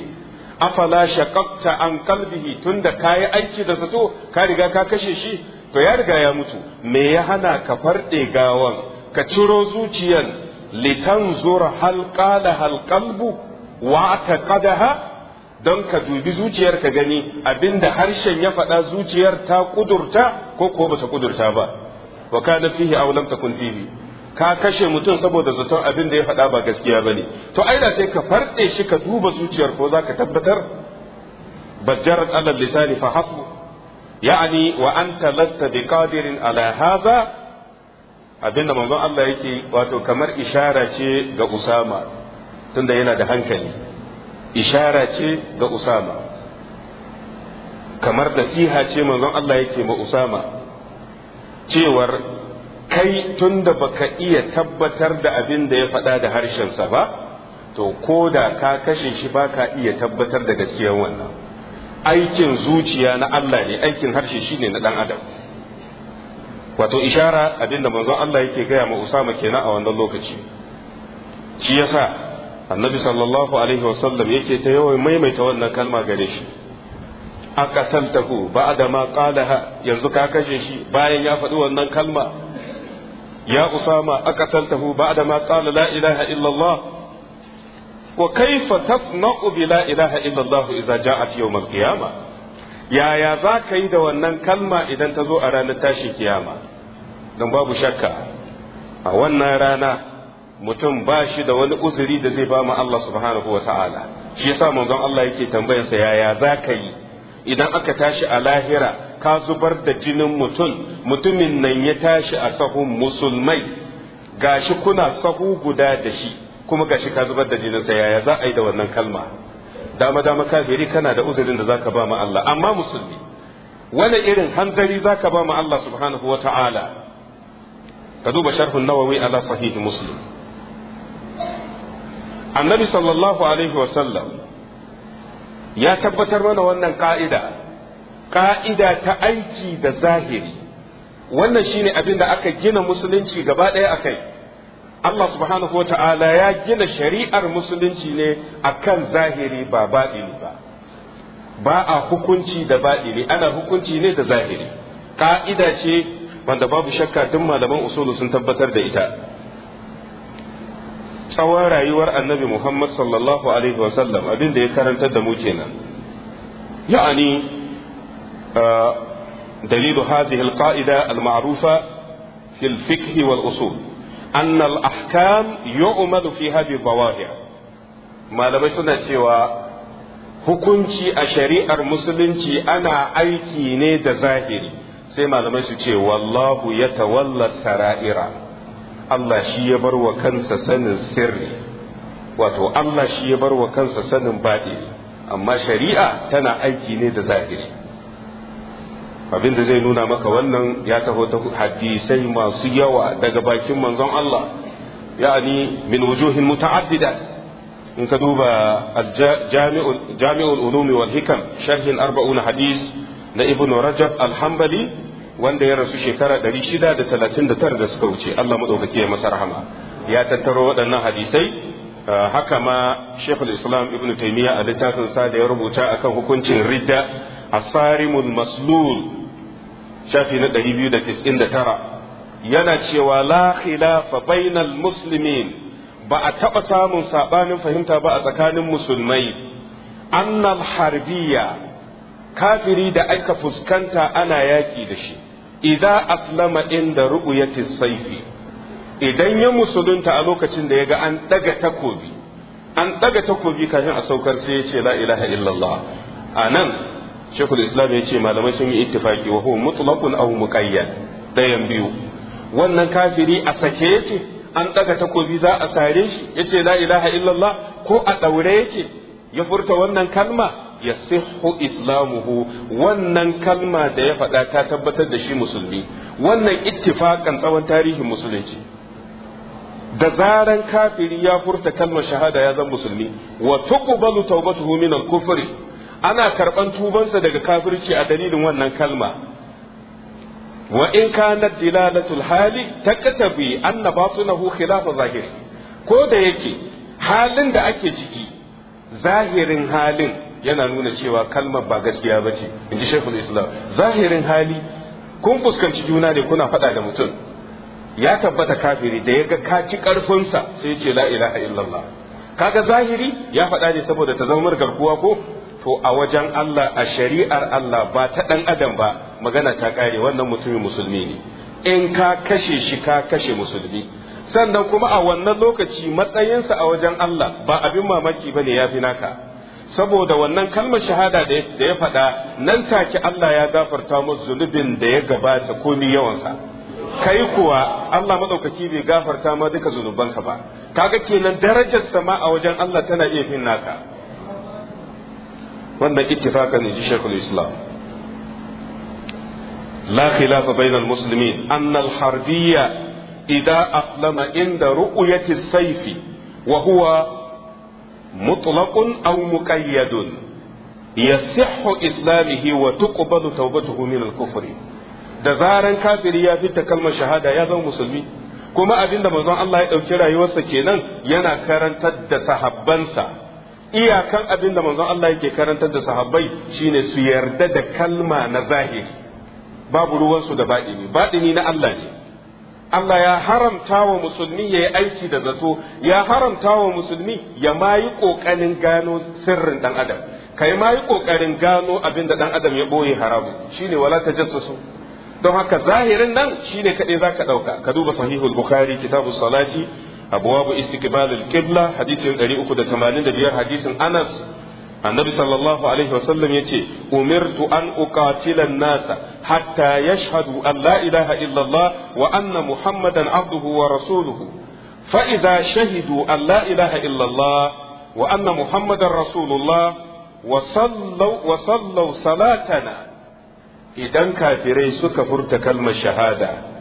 afala shaqaqta an qalbihi tunda kayi aiki da zato ka riga ka kashe shi to ya riga ya mutu me ya hana ka farɗe gawan ka ciro zuciyan litan zur qala da qalbu wa taqadaha don ka dubi zuciyar ka gani abinda harshen ya faɗa zuciyar ta kudurta ko ko bata kudurta ba wa kana fihi aw lam takun fihi ka kashe mutum saboda zaton abin da ya faɗa ba gaskiya bane to ai da sai ka farɗe shi ka duba zuciyar ko zaka tabbatar bajjarat alal lisani fa hasbu ya'ani wa anta lasta biqadirin ala hadha abinda manzon Allah yake wato kamar ishara ce ga Usama tunda yana da hankali ishara ce ga Usama kamar nasiha ce manzon Allah yake ma Usama cewar kai tunda baka iya tabbatar da abin da ya faɗa da harshensa ba to ko da ka kashe shi baka iya tabbatar da gaskiyar wannan aikin zuciya na Allah ne aikin harshe shi ne na ɗan adam wato ishara abinda manzon Allah yake gaya ma Usama kenan a wannan lokaci shi yasa annabi sallallahu alaihi wasallam yake ta yawan maimaita wannan kalma gare shi aqataltahu ba'da ma qalaha yanzu ka kashe shi bayan ya faɗi wannan kalma ya Usama aqataltahu ba'da ma qala la ilaha illallah wa kaifa tasna'u bi la ilaha Allah idza ja'at yawm al yaya za ka yi da wannan kalma idan ta zo a ranar tashin kiyama don babu shakka a wannan rana mutum ba shi da wani uzuri da zai ba mu Allah subhanahu wa ta'ala shi yasa manzon Allah yake sa yaya za ka yi idan aka tashi a lahira ka zubar da jinin mutum mutumin nan ya tashi a sahun musulmai gashi kuna sahu guda da shi kuma gashi ka zubar da jinin sa yaya za a yi da wannan kalma dama dama kafiri kana da uzurin da zaka ba ma Allah amma musulmi wani irin hanzari zaka ba ma Allah subhanahu wa ta'ala ka duba sharhun nawawi ala sahihi muslim annabi sallallahu alaihi wa sallam ya tabbatar mana wannan ka'ida ka'ida ta aiki da zahiri wannan shine abin da aka gina musulunci gaba ɗaya akai Allah subhanahu wa ta'ala ya gina shari'ar musulunci ne akan zahiri ba baɗini ba ba a hukunci da baɗini ana hukunci ne da zahiri ka'ida ce wanda babu shakka duk malaman usulu sun tabbatar da ita tsawon rayuwar annabi Muhammad sallallahu alaihi wa sallam abin da ya karantar da mu kenan ya'ani uh, dalilu hadhihi al alma'rufa fil fikhi wal usul annal ahkam yu'malu fi hadhihi zawahir malamai suna cewa hukunci a shari'ar musulunci ana aiki ne da zahiri sai malamai su ce wallahu ya tawalla sara'ira Allah shi ya bar wa kansa sanin sirri wato Allah shi ya bar wa kansa sanin baɗi amma shari'a tana aiki ne da zahiri abinda zai nuna maka wannan ya taho ta hadisai masu yawa daga bakin manzon Allah ya'ani min wujuhin muta'addida in ka duba jami'ul ulumi wal hikam sharhin arba'una hadis na ibn rajab al-hanbali wanda ya rasu shekara 639 da suka wuce Allah madaukake ya masa rahama ya tattaro waɗannan hadisai ah, haka ma shekul islam ibn taymiya a littafin sa da ya rubuta akan hukuncin ridda asarimul maslul shafi na 299 yana cewa la khilafa bainal muslimin ba a taɓa samun saɓanin fahimta ba a tsakanin musulmai annal harbiya kafiri da aka fuskanta ana yaƙi da shi idza aslama inda ru'yati saifi idan ya musulunta a lokacin da ya ga an ɗaga takobi an daga kafin a saukar sai yace ce la ilaha illallah anan shekul islam ya ce malamai sun yi ittifaki wa huwa mutlaqun aw muqayyad dayan biyu wannan kafiri a sake yake an daga takobi za a sare shi yace la ilaha illallah ko a daure yake ya furta wannan kalma yasihhu islamuhu wannan kalma da ya faɗa ta tabbatar da shi musulmi wannan ittifakan tsawon tarihin musulunci da zaran kafiri ya furta kalmar shahada ya zan musulmi wa tuqbalu tawbatuhu min al-kufri ana karban tubansa daga kafirci a dalilin wannan kalma wa in kana dilalatul hali takatabi anna batinahu khilafa zahiri ko da yake halin da ake ciki zahirin halin yana nuna cewa kalmar ba gaskiya ba ce in ji islam zahirin hali kun fuskanci juna ne kuna faɗa da mutum ya tabbata kafiri da ya ga kaci ƙarfinsa sai ya ce la ilaha illallah kaga zahiri ya faɗa ne saboda ta zama garkuwa ko to a wajen Allah a shari'ar Allah ba ta ɗan adam ba magana ta kare wannan mutumin musulmi ne in ka kashe shi ka kashe musulmi sannan kuma a wannan lokaci matsayinsa a wajen Allah ba abin mamaki ba ne ya fi naka saboda wannan kalmar shahada da ya faɗa nan take Allah ya gafarta masa zunubin da ya gabata komi yawansa kai kuwa Allah madaukaki bai gafarta ma duka zunubanka ba kaga kenan darajar sama a wajen Allah tana iya fin naka wannan ittifaqan ji shaykhul islam la khilafa bayna al muslimin anna al harbiyya idza aslama inda ru'yati as wa huwa mutlaqun aw muqayyadun yasihhu islamihi wa tuqbalu tawbatuhu min al kufri da zaran kafiri ya fita kalmar shahada ya zama musulmi kuma abinda manzon Allah ya dauki rayuwarsa kenan yana karantar da sahabbansa iyakan abin da manzon Allah yake karantar da sahabbai shine su yarda da kalma na zahiri babu ruwansu da baɗini baɗini na Allah ne Allah ya haramta wa musulmi ya yi aiki da zato ya haramta wa musulmi ya ma yi ƙoƙarin gano sirrin ɗan adam kai ma yi ƙoƙarin gano abin da ɗan adam ya ɓoye haramu shine wala ta jassasu don haka zahirin nan shine kaɗai za ka ɗauka ka duba sahihul bukhari kitabu salati abwabu istiqbalil qibla hadisin 385 hadisin Anas annabi sallallahu alaihi wasallam yace umirtu an uqatila nasa hatta yashhadu an la ilaha illallah wa anna muhammadan abduhu wa rasuluhu fa idza shahidu an la ilaha illallah wa anna muhammadan rasulullah wa sallu wa sallu salatana idan kafirai suka furta kalmar shahada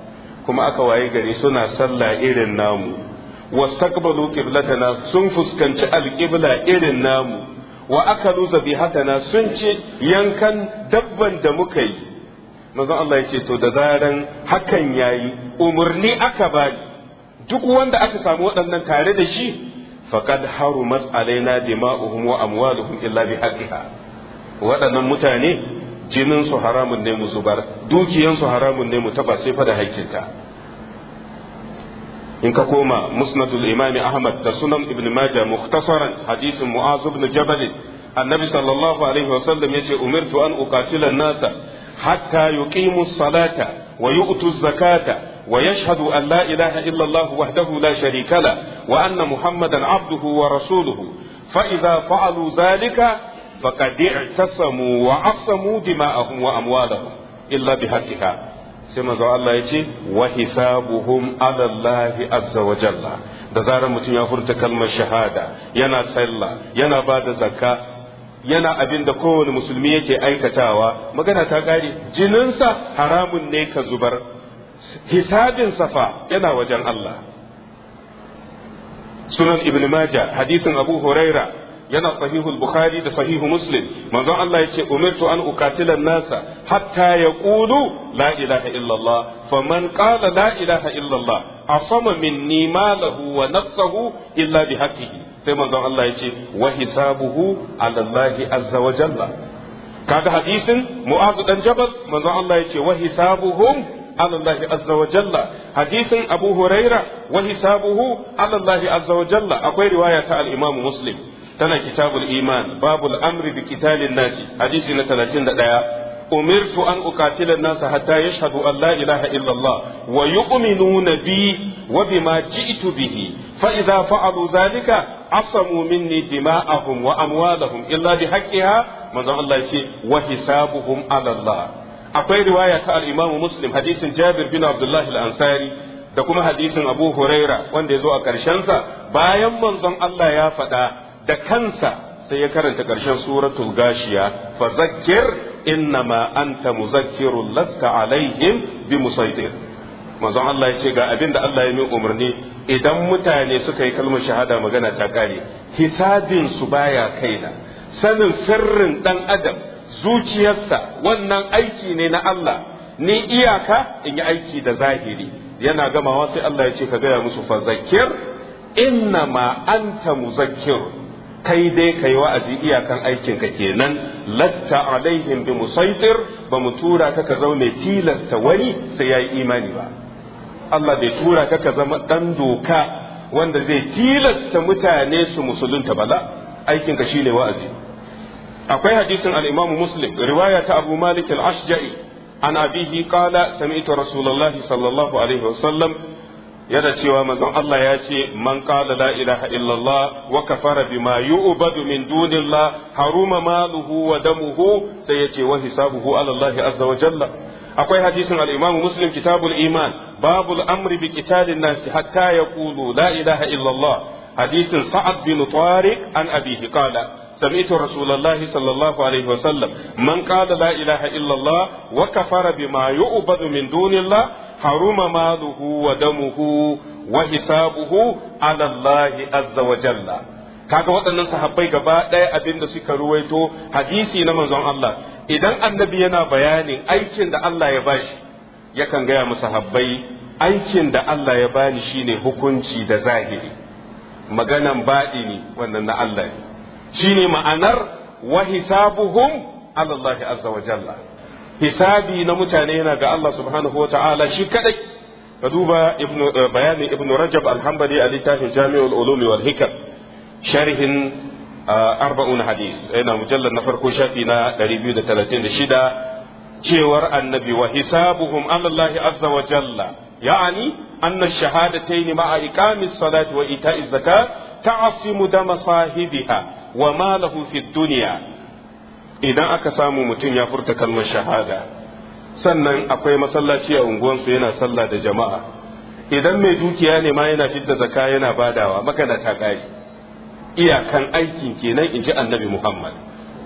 kuma aka waye gari suna sallah irin namu wastakbalu qiblatana sun fuskanci alqibla irin namu wa akalu zabihatana sun ci yankan dabban da muka yi manzon Allah ya ce to da zaran hakan yayi umarni aka bani duk wanda aka samu waɗannan tare da shi faqad harumat alaina dima'uhum wa amwaluhum illa bihaqqiha waɗannan mutane jinin su haramun ne mu zubar dukiyan su haramun ne mu taɓa sai fa da haikinta. إنك كوما مسند الإمام أحمد تسنن ابن ماجه مختصرا حديث معاذ بن جبل النبي صلى الله عليه وسلم يجي أمرت أن أقاتل الناس حتى يقيموا الصلاة ويؤتوا الزكاة ويشهد أن لا إله إلا الله وحده لا شريك له وأن محمدا عبده ورسوله فإذا فعلوا ذلك فقد اعتصموا وعصموا دماءهم وأموالهم إلا بهكها sai manzo Allah ya ce wa hisabuhum ala Allah azza wa jalla da zarar mutum ya furta kalmar shahada yana sallah yana ba da zakka yana abin da kowane musulmi yake aikatawa magana ta kare jininsa haramun ne ka zubar hisabin safa yana wajen Allah sunan ibn majah hadisin abu huraira yana sahihul bukhari da sahihu muslim manzon Allah yace umirtu an uqatila nasa hatta yaqulu la ilaha illallah faman qala la ilaha illallah asama minni malahu wa nafsahu illa bihaqqihi sai manzon Allah yace wa hisabuhu ala Allah azza wa jalla kaga hadisin mu'azu dan jabal manzon Allah yace wa hisabuhum على الله عز وجل حديث أبو هريرة وحسابه على الله عز وجل أقول رواية الإمام مسلم tana kitabul iman babul amri bi qitalin nasi hadisi na 31 أمرت أن أقاتل الناس حتى يشهدوا أن لا إله إلا الله ويؤمنون بي وبما جئت به فإذا فعلوا ذلك عصموا مني دماءهم وأموالهم إلا بحقها ماذا الله يشي وحسابهم على الله أقول رواية الإمام مسلم حديث جابر بن عبد الله الأنصاري da kuma hadisin Abu Huraira wanda ya zo a ƙarshensa bayan manzon Allah ya faɗa da kansa sai ya karanta ƙarshen suratul gashiya fa zakkir innama anta muzakkirun laska alaihim bi musaitir manzon Allah ya ce ga abin da Allah ya min umarni idan mutane suka yi kalmar shahada magana ta kare hisabin su baya kaina sanin sirrin dan adam zuciyarsa wannan aiki ne na Allah ni iyaka in yi aiki da zahiri yana gamawa sai Allah ya ce ka gaya musu fa zakir inna anta muzakkir kai dai yi wa'azi iyakan aikin ka kenan latta alaihim bi musaitir ba mu tura ka ka zaune tilasta wani sai yayi imani ba Allah bai tura ka ka zama dan doka wanda zai tilasta mutane su musulunta ba la shine wa'azi akwai hadisin al-Imam Muslim riwaya ta Abu Malik al-Ashja'i an abihi qala sami'tu Rasulullahi sallallahu alaihi wasallam yana cewa manzon Allah ya ce man qala la ilaha illallah wa kafara bima yu'badu min dunillah haruma maluhu wa damuhu sai ya ce wa hisabuhu ala Allah azza wa jalla akwai hadisin al-Imam Muslim kitabul iman babul amri bi qitalin nas hatta yaqulu la ilaha illallah hadisin Sa'ad bin Tariq an abihi qala سمعت رسول الله صلى الله عليه وسلم من قال لا إله إلا الله وكفر بما يؤبد من دون الله حرم ماله ودمه وحسابه على الله عز وجل kaga waɗannan sahabbai gaba ɗaya abin da suka ruwaito hadisi na manzon Allah idan annabi yana bayanin aikin da Allah ya bashi yakan gaya mu sahabbai aikin da Allah ya bani shine hukunci da zahiri maganan ne wannan na Allah ne shine ma'anar wa hisabuhum Allah azza wa jalla hisabi na mutane yana ga Allah subhanahu wa ta'ala shi kadai ka duba eh, bayanin ibn rajab alhambali a littafin jami'ul ulum wal hikam sharhin eh, arba'un hadis yana mujallar na farko shafi na 236 cewar annabi wa hisabuhum ala Allah azza wa jalla يعني أن الشهادتين مع إقام الصلاة وإيتاء الزكاة تعصم دم صاحبها wa ma lahu fi duniya idan aka samu mutum ya furta kalmar shahada sannan akwai masallaci a unguwansu yana sallah da jama'a idan mai dukiya ne ma yana fidda zaka yana badawa magana ta kare iyakan aikin kenan in ji annabi muhammad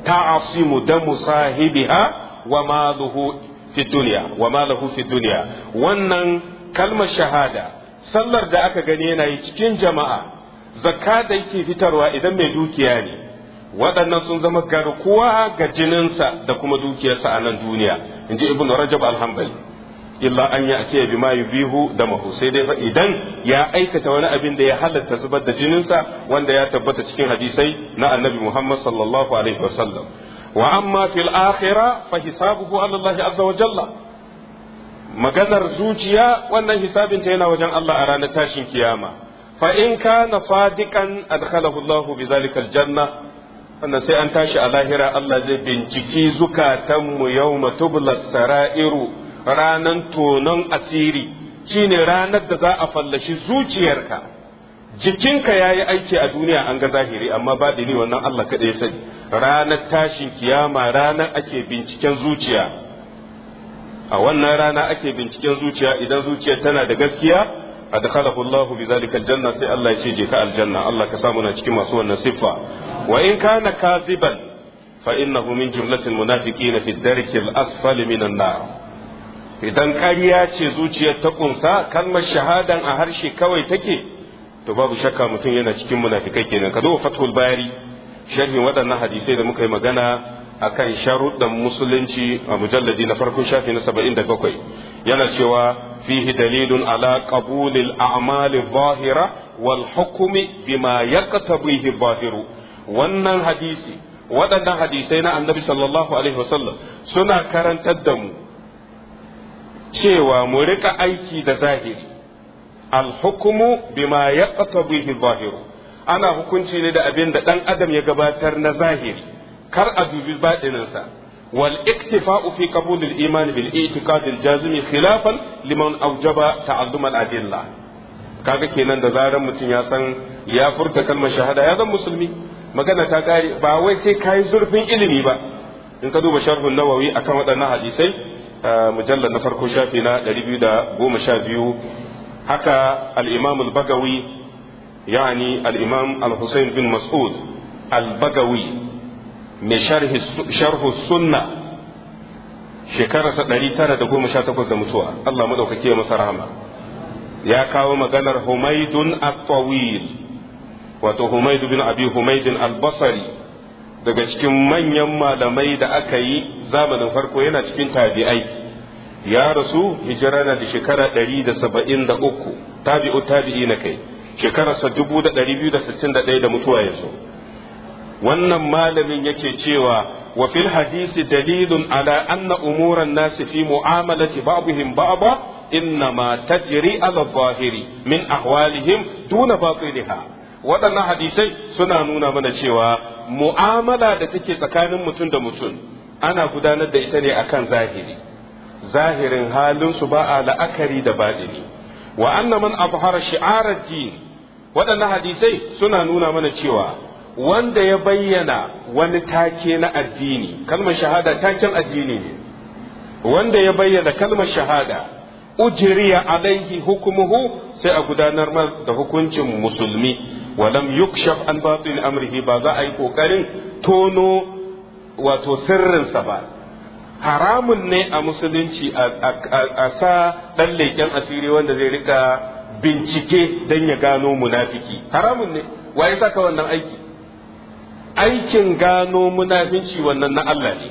ta asimu da musahibiha wa ma lahu fi duniya wa ma lahu fi duniya wannan kalmar shahada sallar da aka gani yana yi cikin jama'a zakka da yake fitarwa idan mai dukiya ne waɗannan sun zama garkuwa ga jininsa da kuma dukiyarsa a nan duniya in ji ibn rajab alhambali illa an ya ake bi ma yubihu da mahu sai dai idan ya aikata wani abin da ya halatta zubar da jininsa wanda ya tabbata cikin hadisai na annabi muhammad sallallahu alaihi wasallam wa amma fil akhira fa hisabuhu allah azza wa jalla maganar zuciya wannan hisabinta yana wajen allah a ranar tashin kiyama fa in kana sadiqan adkhalahu Allahu bi zalika aljanna wannan sai an tashi a lahira Allah zai binciki zukatan mu yawma tubla sarairu ranan tonon asiri shine ranar da za a fallashi zuciyarka jikinka ya yi aiki a duniya an ga zahiri amma ba ni wannan Allah kaɗai sani ranar tashin kiyama ranar ake binciken zuciya a wannan rana ake binciken zuciya idan zuciya tana da gaskiya adkhalahu Allahu bi zalika aljanna sai Allah ya ce ka aljanna Allah ka samu na cikin masu wannan siffa wa in kana kaziban fa innahu min jumlatil munafiqin fi darkil asfali minan nar idan kariya ce zuciyar ta kunsa kalmar shahadan a harshe kawai take to babu shakka mutum yana cikin munafikai kenan ka zo fathul bari sharhin waɗannan hadisai da muka yi magana akan sharuɗan musulunci a mujalladi na farkon shafi na saba'in da bakwai yana cewa فيه دليل على قبول الأعمال الظاهرة والحكم بما يقتضيه الظاهر wannan hadisi waɗannan hadisai na annabi sallallahu alaihi wasallam suna karantar da mu cewa mu rika aiki da zahiri alhukumu bima yaqtadihi zahiru ana hukunci ne da abin da ɗan adam ya gabatar na zahiri kar a dubi baɗininsa wal iktifa'u fi qabul al iman bil i'tiqad al jazim khilafan liman awjaba ta'azzum al adilla kaga kenan da zarar mutum ya san ya furta kalmar shahada ya zan musulmi magana ta kare ba wai sai kai zurfin ilimi ba in ka duba sharhun nawawi akan waɗannan hadisai mujallar na farko shafi na 212 haka al-imam al-bagawi yani al-imam al-husayn bin mas'ud albagawi. mai sharhu sunna shekararsa tara da goma sha takwas da mutuwa Allah madaukake masa rahama ya kawo maganar humaidun at-tawil wato humaid bin abi humaid al daga cikin manyan malamai da aka yi zamanin farko yana cikin tabi'ai ya rasu hijira ɗari da saba'in da uku tabi'u tabi'i na kai shekararsa dubu da mutuwa yanzu wannan malamin yake cewa wa fil hadisi dalilun ala anna umuran nasi fi mu'amalati ba'dihim ba'da innama tajri ala zahiri min ahwalihim duna batiliha waɗannan hadisai suna nuna mana cewa mu'amala da take tsakanin mutum da mutum ana gudanar da ita ne akan zahiri zahirin halinsu ba a la'akari da baɗini wa anna man abhara shi'arar din waɗannan hadisai suna nuna mana cewa wanda ya bayyana wani take na addini kalmar shahada taken addini ne wanda ya bayyana kalmar shahada ujriya alaihi hukumuhu sai a gudanar da hukuncin musulmi walam yukshaf an batil amrihi ba za a yi kokarin tono wato sirrinsa ba haramun ne a musulunci a sa dan leken asiri wanda zai rika bincike don ya gano munafiki haramun ne wa ya saka wannan aiki aikin gano munafinci wannan na Allah ne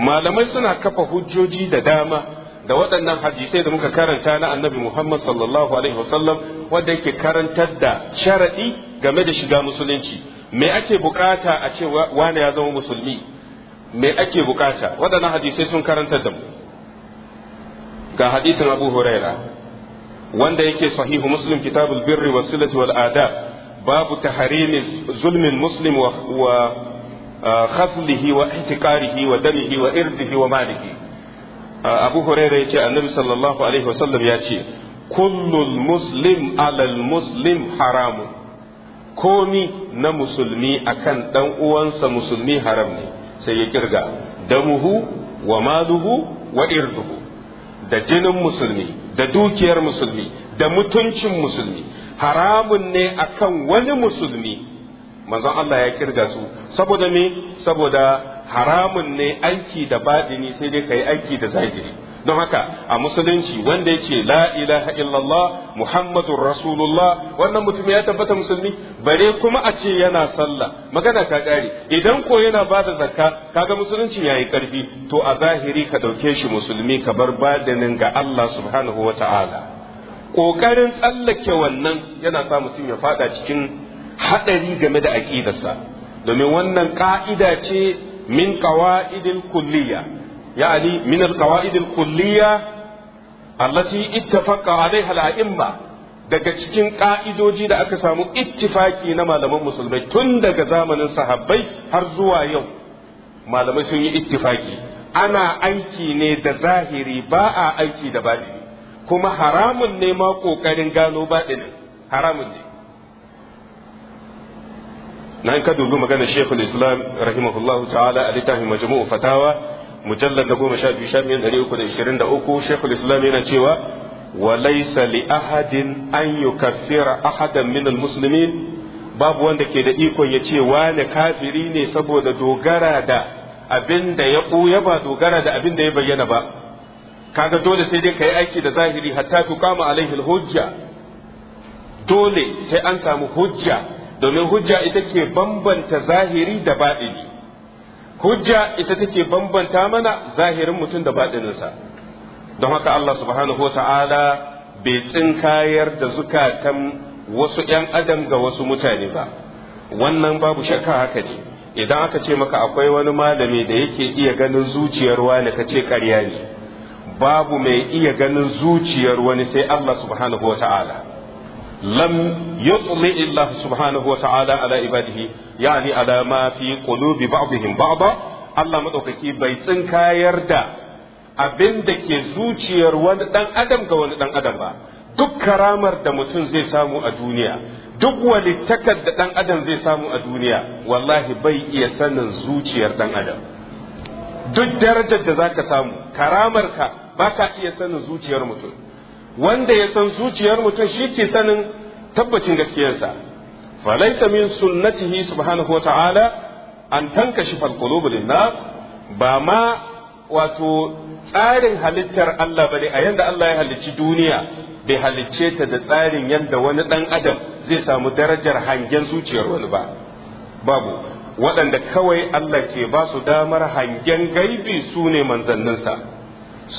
malamai suna kafa hujjoji da dama da waɗannan hadisai da muka karanta na annabi Muhammad sallallahu alaihi wasallam wanda yake karantar da sharaɗi game da shiga musulunci me ake bukata a ce wane ya zama musulmi me ake bukata waɗannan hadisai sun karantar da mu ga hadisin Abu Huraira wanda yake sahihu Muslim kitabul birri was silati wal adab babu taharimi zulmin muslim wa ah, khaslihi wa ihtiqarihi wa damihi wa irdihi wa malihi ah, abu hurairah yace annabi sallallahu alaihi wasallam yace kullul muslim alal muslim haramu komi na musulmi akan dan uwansa musulmi haram ne ya kirga damuhu wa maluhu wa irduhu da jinin musulmi da dukiyar musulmi da mutuncin musulmi haramun ne akan wani musulmi manzon Allah ya kirga su saboda me saboda haramun ne aiki da badini sai dai ka yi aiki da zahiri don haka a musulunci wanda yake la ilaha illallah muhammadur rasulullah wannan mutum ya tabbata musulmi bare kuma a ce yana sallah magana ka kare idan ko yana ba da zakka kaga musulunci yayi karfi to a zahiri ka dauke shi musulmi ka bar badinin ga Allah subhanahu wataala ƙoƙarin tsallake wannan yana sa mutum ya faɗa cikin haɗari game da aƙidarsa domin wannan ƙa'ida ce min ƙawa'idil kulliya ya'ani min ƙawa'idil kulliya allati ittafaqa alaiha al'imma daga cikin ƙa'idoji da aka samu ittifaki na malaman musulmai tun daga zamanin sahabbai har zuwa yau malamai sun yi ittifaki ana aiki ne da zahiri ba a aiki da baɗi kuma haramun ne ma ƙoƙarin gano baɗinin haramun ne nan ka dubi magana shekul islam rahimahullahu ta'ala a littafin majmu'u fatawa mujallar da goma sha biyu shafiyan ɗari uku da ishirin da uku shekul islam yana cewa wa laisa li ahadin an yukaffira ahadan min almuslimin babu wanda ke da ikon ya ce wani kafiri ne saboda dogara da abin da ya ɓuya ba dogara da abin da ya bayyana ba kaga dole sai dai kai aiki da zahiri hatta tuqama alaihi hujja dole sai an samu hujja domin hujja ita ke bambanta zahiri da baɗini hujja ita take bambanta mana zahirin mutum da baɗininsa don haka Allah subhanahu wa ta'ala bai tsinkayar da zukatan wasu ‘yan adam ga wasu mutane ba wannan babu shakka haka ne idan aka ce maka akwai wani malami da yake iya ganin zuciyar wani ka ce ƙarya ne babu mai iya ganin zuciyar wani sai Allah subhanahu wa ta'ala lam yutli Allah subhanahu wa ta'ala ala ibadihi yani ala ma fi qulubi ba'dihim ba'da Allah madaukaki bai tsinkayar da abinda ke zuciyar wani dan adam ga wani dan adam ba duk karamar da mutum zai samu a duniya duk walittakar da dan adam zai samu a duniya wallahi bai iya sanin zuciyar dan adam duk darajar da zaka samu karamar ka ba ka iya sanin zuciyar mutum wanda ya san zuciyar mutum shi ke sanin tabbacin gaskiyarsa falaita min sunnatihi subhanahu wa ta'ala an tanka shi falqulubu linnas ba ma wato tsarin halittar Allah bane a yanda Allah ya halicci duniya bai halicce ta da tsarin yanda wani dan adam zai samu darajar hangen zuciyar wani ba babu waɗanda kawai Allah ke ba su damar hangen gaibi su ne manzanninsa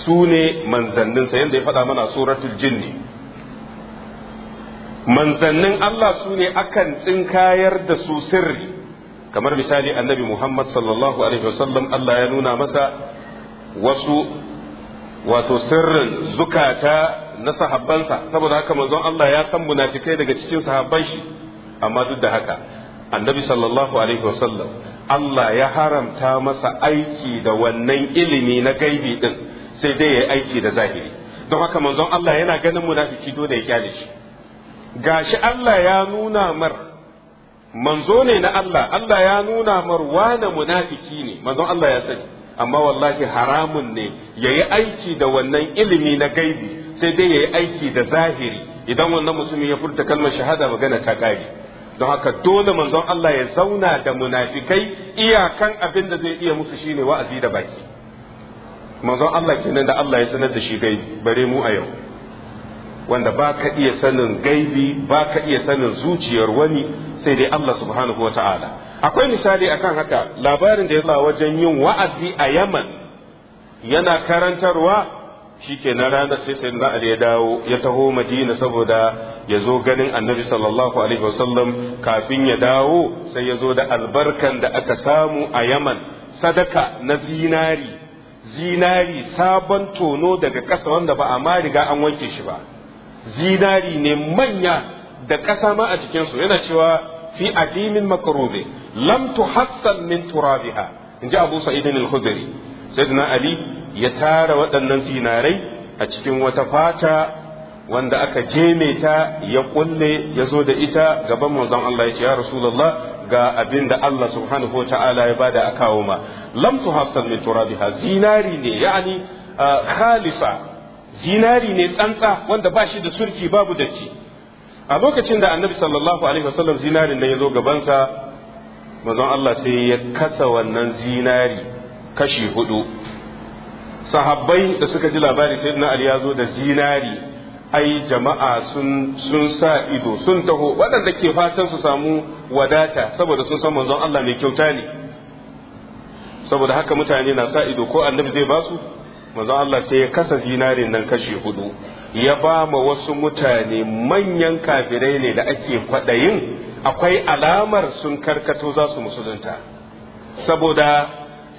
su ne manzanninsa yadda ya faɗa mana suratul jinni manzannin Allah su ne akan tsinkayar da su sirri kamar misali annabi Muhammad sallallahu alaihi wasallam Allah ya nuna masa wasu wato sirrin zukata na sahabbansa saboda haka manzon Allah ya san munafikai daga cikin sahabban shi amma duk da haka annabi sallallahu alaihi wasallam Allah ya haramta masa aiki da wannan ilimi na gaibi din sai dai yayi aiki da zahiri don haka manzon Allah yana ganin munafiki dole ya kyale shi gashi Allah ya nuna mar manzo ne na Allah Allah ya nuna mar wane munafiki ne manzon Allah ya sani amma wallahi haramun ne yayi aiki da wannan ilimi na gaibi sai dai yayi aiki da zahiri idan wannan mutumin ya furta kalmar shahada magana ta kare don haka dole manzon Allah ya zauna da munafikai iyakan abin da zai iya musu shine wa'azi da baki manzon Allah kenan da Allah ya sanar da shi gai, bare mu a yau wanda ba ka iya sanin gaibi ba ka iya sanin zuciyar wani sai dai Allah subhanahu wa ta'ala akwai misali akan haka labarin da ya wajen yin wa'azi a Yaman yana karantarwa ke na ranar sai sayyidina ya dawo ya taho Madina saboda ya zo ganin Annabi sallallahu alaihi wasallam kafin ya dawo sai ya zo da albarkan da aka samu a Yaman sadaka na zinari zinari sabon tono daga ƙasa wanda ba a ma riga an wanke shi ba zinari ne manya da ƙasa ma a jikinsu yana cewa fi adimin makarobe lam hassan min turabiha in ji abu sa'idin al sai sayyidina ali ya tara waɗannan zinarai a cikin wata fata wanda aka jeme ta ya kulle ya zo da ita gaban manzon Allah ya ce ya rasulullah ga abin da Allah subhanahu wa ta'ala ya bada a kawo ma lam tuhassal min turabiha zinari ne yani Khalifa zinari ne tsantsa wanda ba shi da surki babu datti a lokacin da annabi sallallahu alaihi wasallam zinari ne ya zo gabansa manzon Allah sai ya kasa wannan zinari kashi hudu sahabbai da suka ji labari sayyidina ali ya zo da zinari ai jama'a sun sa ido sun taho waɗanda ke fatan su samu wadata saboda sun san manzon Allah mai kyauta ne saboda haka mutane na sa ido ko annabi zai basu manzon Allah sai ya kasa zinari nan kashi hudu ya ba ma wasu mutane manyan kafirai ne da ake kwaɗayin akwai alamar sun karkato za su musulunta saboda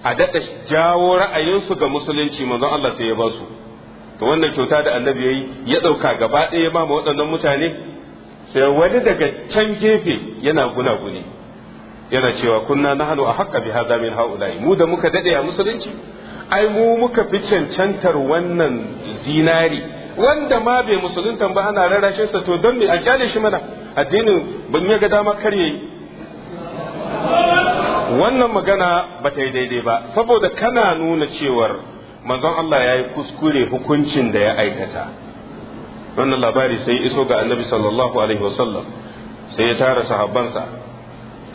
a daɗa jawo ra'ayinsu ga musulunci manzon Allah sai ya basu to wannan kyauta da annabi yayi ya ɗauka gaba ɗaya ba ma waɗannan mutane sai wani daga can gefe yana gunaguni yana cewa kunna na hannu a haƙƙa bi haza min haula'i mu da muka daɗe a musulunci ai mu muka fi cancantar wannan zinari wanda ma bai musuluntan ba ana rarrashin sa to don me a kyale shi mana addinin ban ya ga dama kar yayi wannan magana ba ta yi daidai ba saboda kana nuna cewar manzon Allah ya yi kuskure hukuncin da ya aikata wannan labari sai iso ga annabi sallallahu alaihi wasallam sai ya tara sahabbansa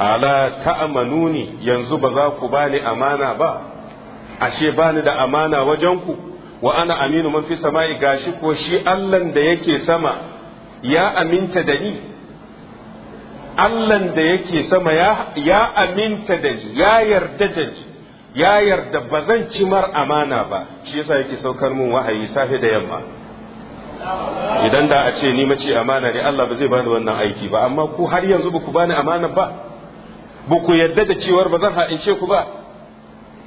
ala ni yanzu ba za ku bani amana ba ashe bani da amana wajenku wa ana aminu man fi sama'i gashi ko shi Allahn da yake sama ya aminta da ni Allahn da yake sama ya aminta da ni ya yarda da ni ya yarda ba zan ci mar amana ba shi yasa yake saukar mun wahayi safe da yamma idan da a ce ni mace amana ne Allah ba zai bani wannan aiki ba amma ku har yanzu ba ku bani amana ba ba ku yarda da cewar ba zan ha'ince ku ba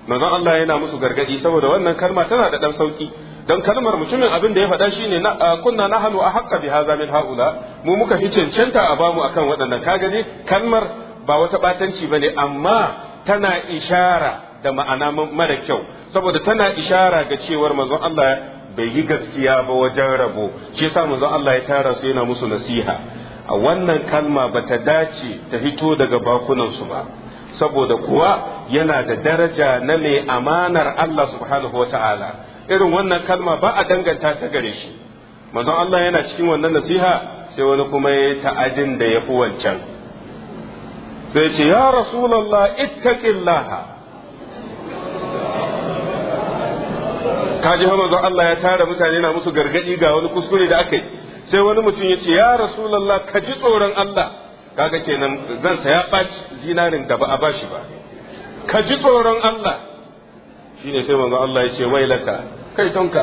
manzon Allah yana musu gargadi saboda wannan kalma tana da ɗan sauki don kalmar mutumin abin da ya faɗa shine na kunna a ahqqa bi hadha min haula mu muka fi cancanta a bamu akan waɗannan kaga ne kalmar ba wata batanci ne amma tana ishara da ma'ana mara kyau saboda tana ishara ga cewar manzo Allah bai yi gaskiya ba wajen rabo shi yasa manzon Allah ya tara su yana musu nasiha a wannan kalma bata dace ta fito daga bakunan su ba saboda kuwa yana da daraja na mai amanar Allah subhanahu wata'ala irin wannan kalma ba a danganta ta gare shi manzo Allah yana cikin wannan nasiha sai wani kuma ya ta'adin da ya fi wancan sai ce ya rasulullah ittaqillaha kaji ji manzon Allah ya tara mutane na musu gargadi ga wani kuskure da aka yi sai wani mutum ya ce ya rasulullah ka ji tsoron Allah kaga kenan zan saya baci zinarin da ba a bashi ba ka ji tsoron Allah shine sai manzon Allah ya ce wailaka kai tonka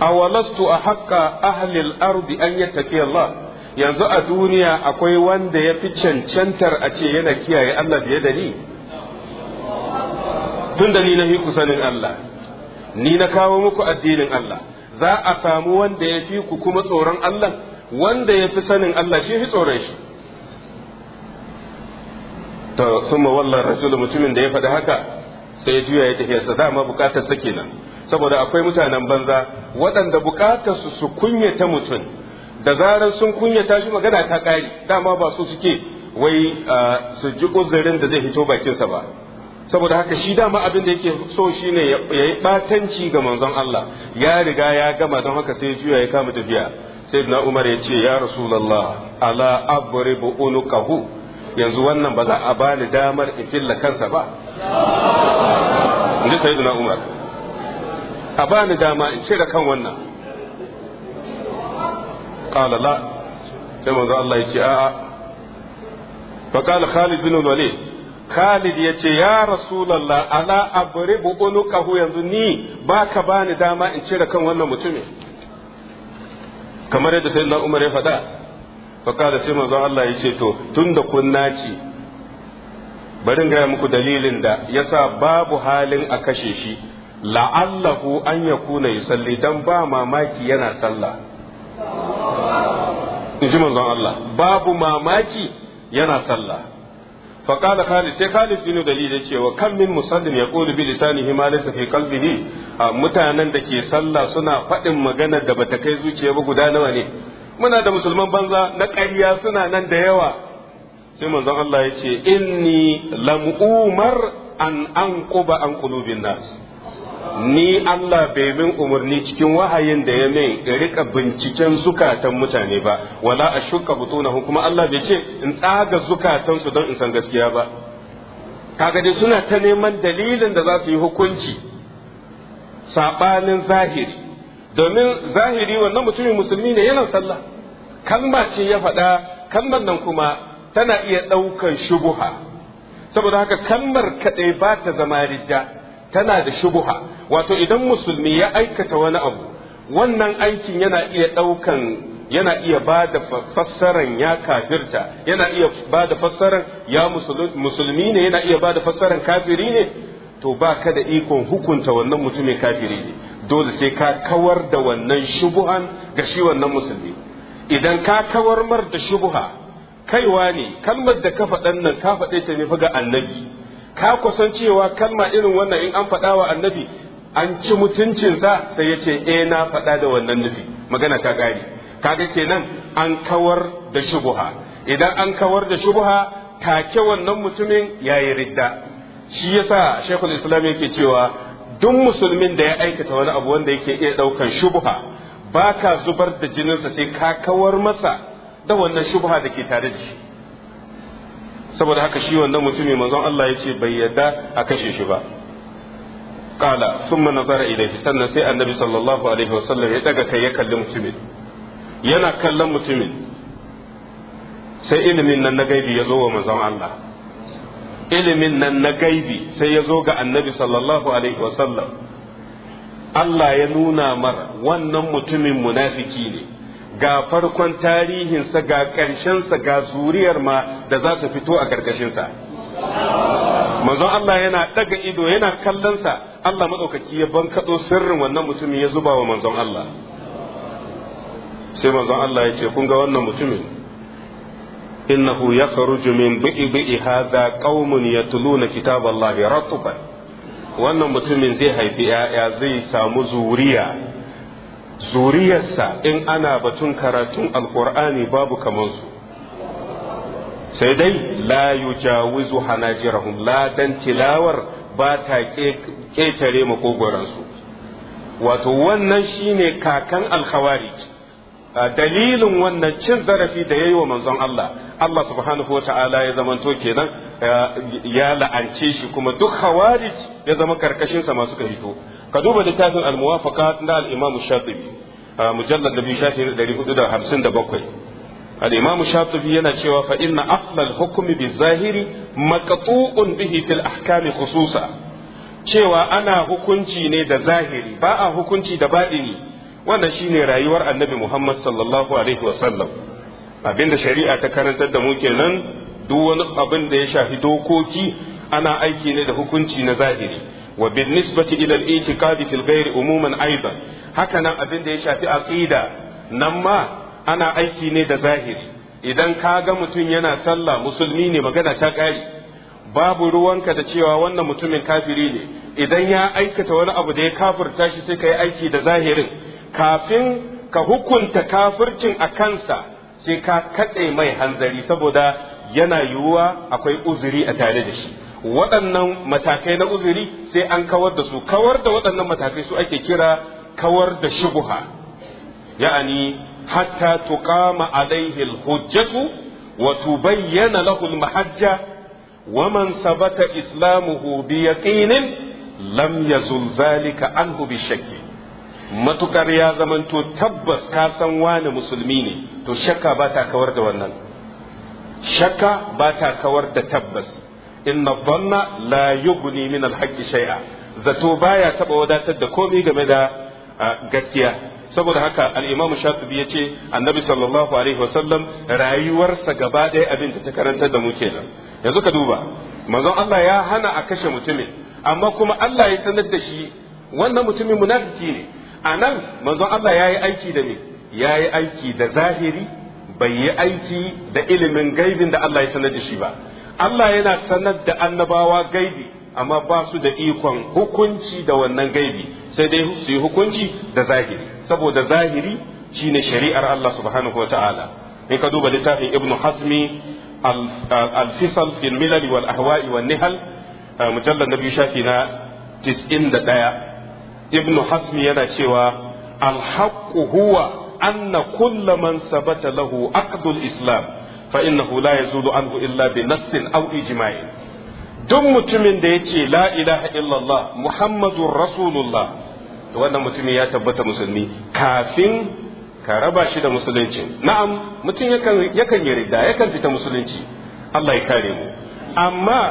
awalastu a haƙa ahlil ardi an yattaqi Allah yanzu a duniya akwai wanda ya fi cancantar a ce yana kiyaye Allah biye da ni tun da ni na fi kusanin Allah ni na kawo muku addinin Allah za a samu wanda ya fi ku kuma tsoron Allah wanda ya fi sanin Allah shi fi tsoron shi to sun wallar rajulu mutumin da ya faɗi haka sai ya juya ya tafiyarsa ma bukatar sa kenan saboda akwai mutanen banza waɗanda bukatar su su kunyata mutum da zarar sun kunyata shi magana ta ƙari dama ba su suke wai ah, su ji uzurin da zai fito bakinsa ba saboda haka shi dama abin da yake so shi ne ya yi batanci ga manzon Allah ya riga ya gama don haka sai juya ya kama tafiya na Umar ya ce ya rasulallah ala abribu unukahu yanzu wannan ba za a bani damar in filla kansa ba inji na Umar a bani dama in cire kan wannan qala la sai manzon Allah ya ce a'a fa qala Khalid bin Walid Khalid ya ce ya Rasulallah ala abribu unuqahu yanzu ni ba baka bani dama in cire kan wannan mutumin kamar yadda sayyidina Umar ya faɗa fa kada sai manzo Allah ya ce to tunda kun naci bari gaya muku dalilin da yasa babu halin a kashe shi la'allahu an yakuna yusalli dan ba mamaki yana sallah in ji manzon Allah babu mamaki yana sallah fa khalid sai khalid bin dalil cewa wa min musallin yaqulu bi lisanihi ma laysa fi qalbihi mutanen da ke sallah suna faɗin maganar da bata kai zuciya ba guda nawa ne muna da musulman banza na karya suna nan da yawa sai manzon Allah yace inni lam umar an anquba an qulubin ni Allah bai min umarni cikin wahayin da ya min ga rika binciken zukatan mutane ba wala ashukka butuna kuma Allah bai ce in tsaga zukatan su don in san gaskiya ba kaga dai suna ta neman dalilin da za su yi hukunci sabanin zahiri domin zahiri wannan mutumin musulmi ne yana sallah kalma ce ya faɗa kalmar nan kuma tana iya ɗaukan shubuha saboda haka kalmar kaɗai ba ta zama ridda tana da shubuha wato idan musulmi ya aikata wani abu wannan aikin yana iya ɗaukan yana iya ba da fassaran ya kafirta yana iya ba da fassaran ya musulmi ne yana iya ba da fassaran kafiri ne to ba ka da ikon hukunta wannan mutumin kafiri ne dole sai ka kawar da wannan shubuhan ga shi wannan musulmi idan ka kawar mar da shubuha kaiwa ne kalmar da ka faɗan nan ka faɗe ta ne fa ga annabi ka kusan cewa kalma irin wannan in an faɗa wa annabi an ci mutuncinsa sai ya ce eh na faɗa da wannan nufi magana ta ƙari kaga kenan an kawar da shubuha idan an kawar da shubuha take wannan mutumin yayi ridda shi yasa shekul islam yake cewa duk musulmin da ya aikata wani abu wanda yake iya ɗaukan shubuha baka zubar da jininsa sai ka kawar masa da wannan shubuha da ke tare da shi saboda haka shi wannan mutumin manzon Allah ya ce bai yadda a kashe shi ba kala sun mana nazara ilaihi sannan sai annabi sallallahu alaihi wasallam ya daga kai ya kalli mutumin yana kallon mutumin sai ilimin nan na gaibi ya zo wa manzon Allah ilimin nan na gaibi sai ya zo ga annabi sallallahu alaihi wasallam Allah ya nuna mar wannan mutumin munafiki ne ga farkon tarihinsa ga ƙarshensa ga zuriyar ma da za su fito a ƙarƙashinsa manzon Allah yana ɗaga ido yana kallonsa Allah maɗaukaki ya bankaɗo sirrin wannan mutumin ya zuba wa manzon Allah sai manzon Allah ya ce kun ga wannan mutumin innahu yakhruju min bi'i bi'i hadha qaumun yatluna kitaballahi ratban wannan mutumin zai haifi ‘ya'ya zai samu zuriya zuriyarsa in ana batun karatun alkur'ani babu kamansu sai dai la yujawizu hanajirahum la dan tilawar ba ta ƙetare makogoransu wato wannan shine kakan alkhawarij dalilin wannan cin zarafi da yi wa manzon Allah Allah subhanahu wa ta'ala ya zamanto kenan ya la'ance shi kuma duk khawarij ya zama ƙarƙashinsa masu karito ka duba littafin al-muwafaqat na al-imam shatibi mujallad da biyu shafi ɗari hudu da hamsin da bakwai al-imam shatibi yana cewa fa inna aslal hukmi bi zahiri maqtu'un bihi fil ahkami khususa cewa ana hukunci ne da zahiri ba a hukunci da baɗini wannan shine rayuwar annabi muhammad sallallahu alaihi wasallam abinda shari'a ta karantar da mu kenan duk wani abin da ya shafi dokoki ana aiki ne da hukunci na zahiri wa bin nisbati ila al-i'tiqadi fil ghairi umuman aidan haka nan abin da ya shafi aqida nan ma ana aiki ne da zahiri idan ka ga mutum yana sallah musulmi ne magana ta kare babu ruwanka da cewa wannan mutumin kafiri ne idan ya aikata wani abu da ya kafirta shi sai ka yi aiki da zahirin kafin ka hukunta kafircin a kansa sai ka katse mai hanzari saboda yana yiwuwa akwai uzuri a tare da shi waɗannan matakai na uzuri sai an kawar da su kawar da waɗannan matakai su ake kira kawar da shubuha ya'ani hatta tuqama alaihi alhujjatu wa tubayyana lahu almahajja wa man sabata islamuhu bi yaqinin lam yazul zalika anhu bi shakki matukar ya zamanto tabbas ka san wani musulmi ne to shakka ba ta kawar da wannan shakka ba ta kawar da tabbas inna dhanna la yughni min al-haqqi shay'a zato baya taba wadatar da komai game da gaskiya saboda haka al-imamu shafi'i yace annabi sallallahu alaihi wasallam rayuwarsa gaba ɗaya abin da ta karantar da mu kenan yanzu ka duba manzon Allah ya hana a kashe mutumin amma kuma Allah ya sanar da shi wannan mutumin munafiki ne anan manzon Allah yayi aiki da me yi aiki da zahiri bai yi aiki da ilimin gaibin da Allah ya sanar da shi ba Allah yana sanar da annabawa gaibi amma ba su da ikon hukunci da wannan gaibi sai dai su yi hukunci da zahiri saboda zahiri shine shari'ar Allah subhanahu wa in ka duba littafin ibnu hasmi al-fisal fil milal wal ahwa'i wan nihal uh, mujallad nabi shafi na 91 ibnu hasmi yana cewa al-haqqu huwa anna kullu man sabata lahu aqdul islam fa innahu la yazulu anhu illa bi nassin aw ijma'in duk mutumin da yace la ilaha illallah muhammadur rasulullah wannan mutumin ya tabbata musulmi kafin ka raba shi da musulunci na'am mutum yakan yakan yi ridda yakan fita musulunci Allah ya kare mu amma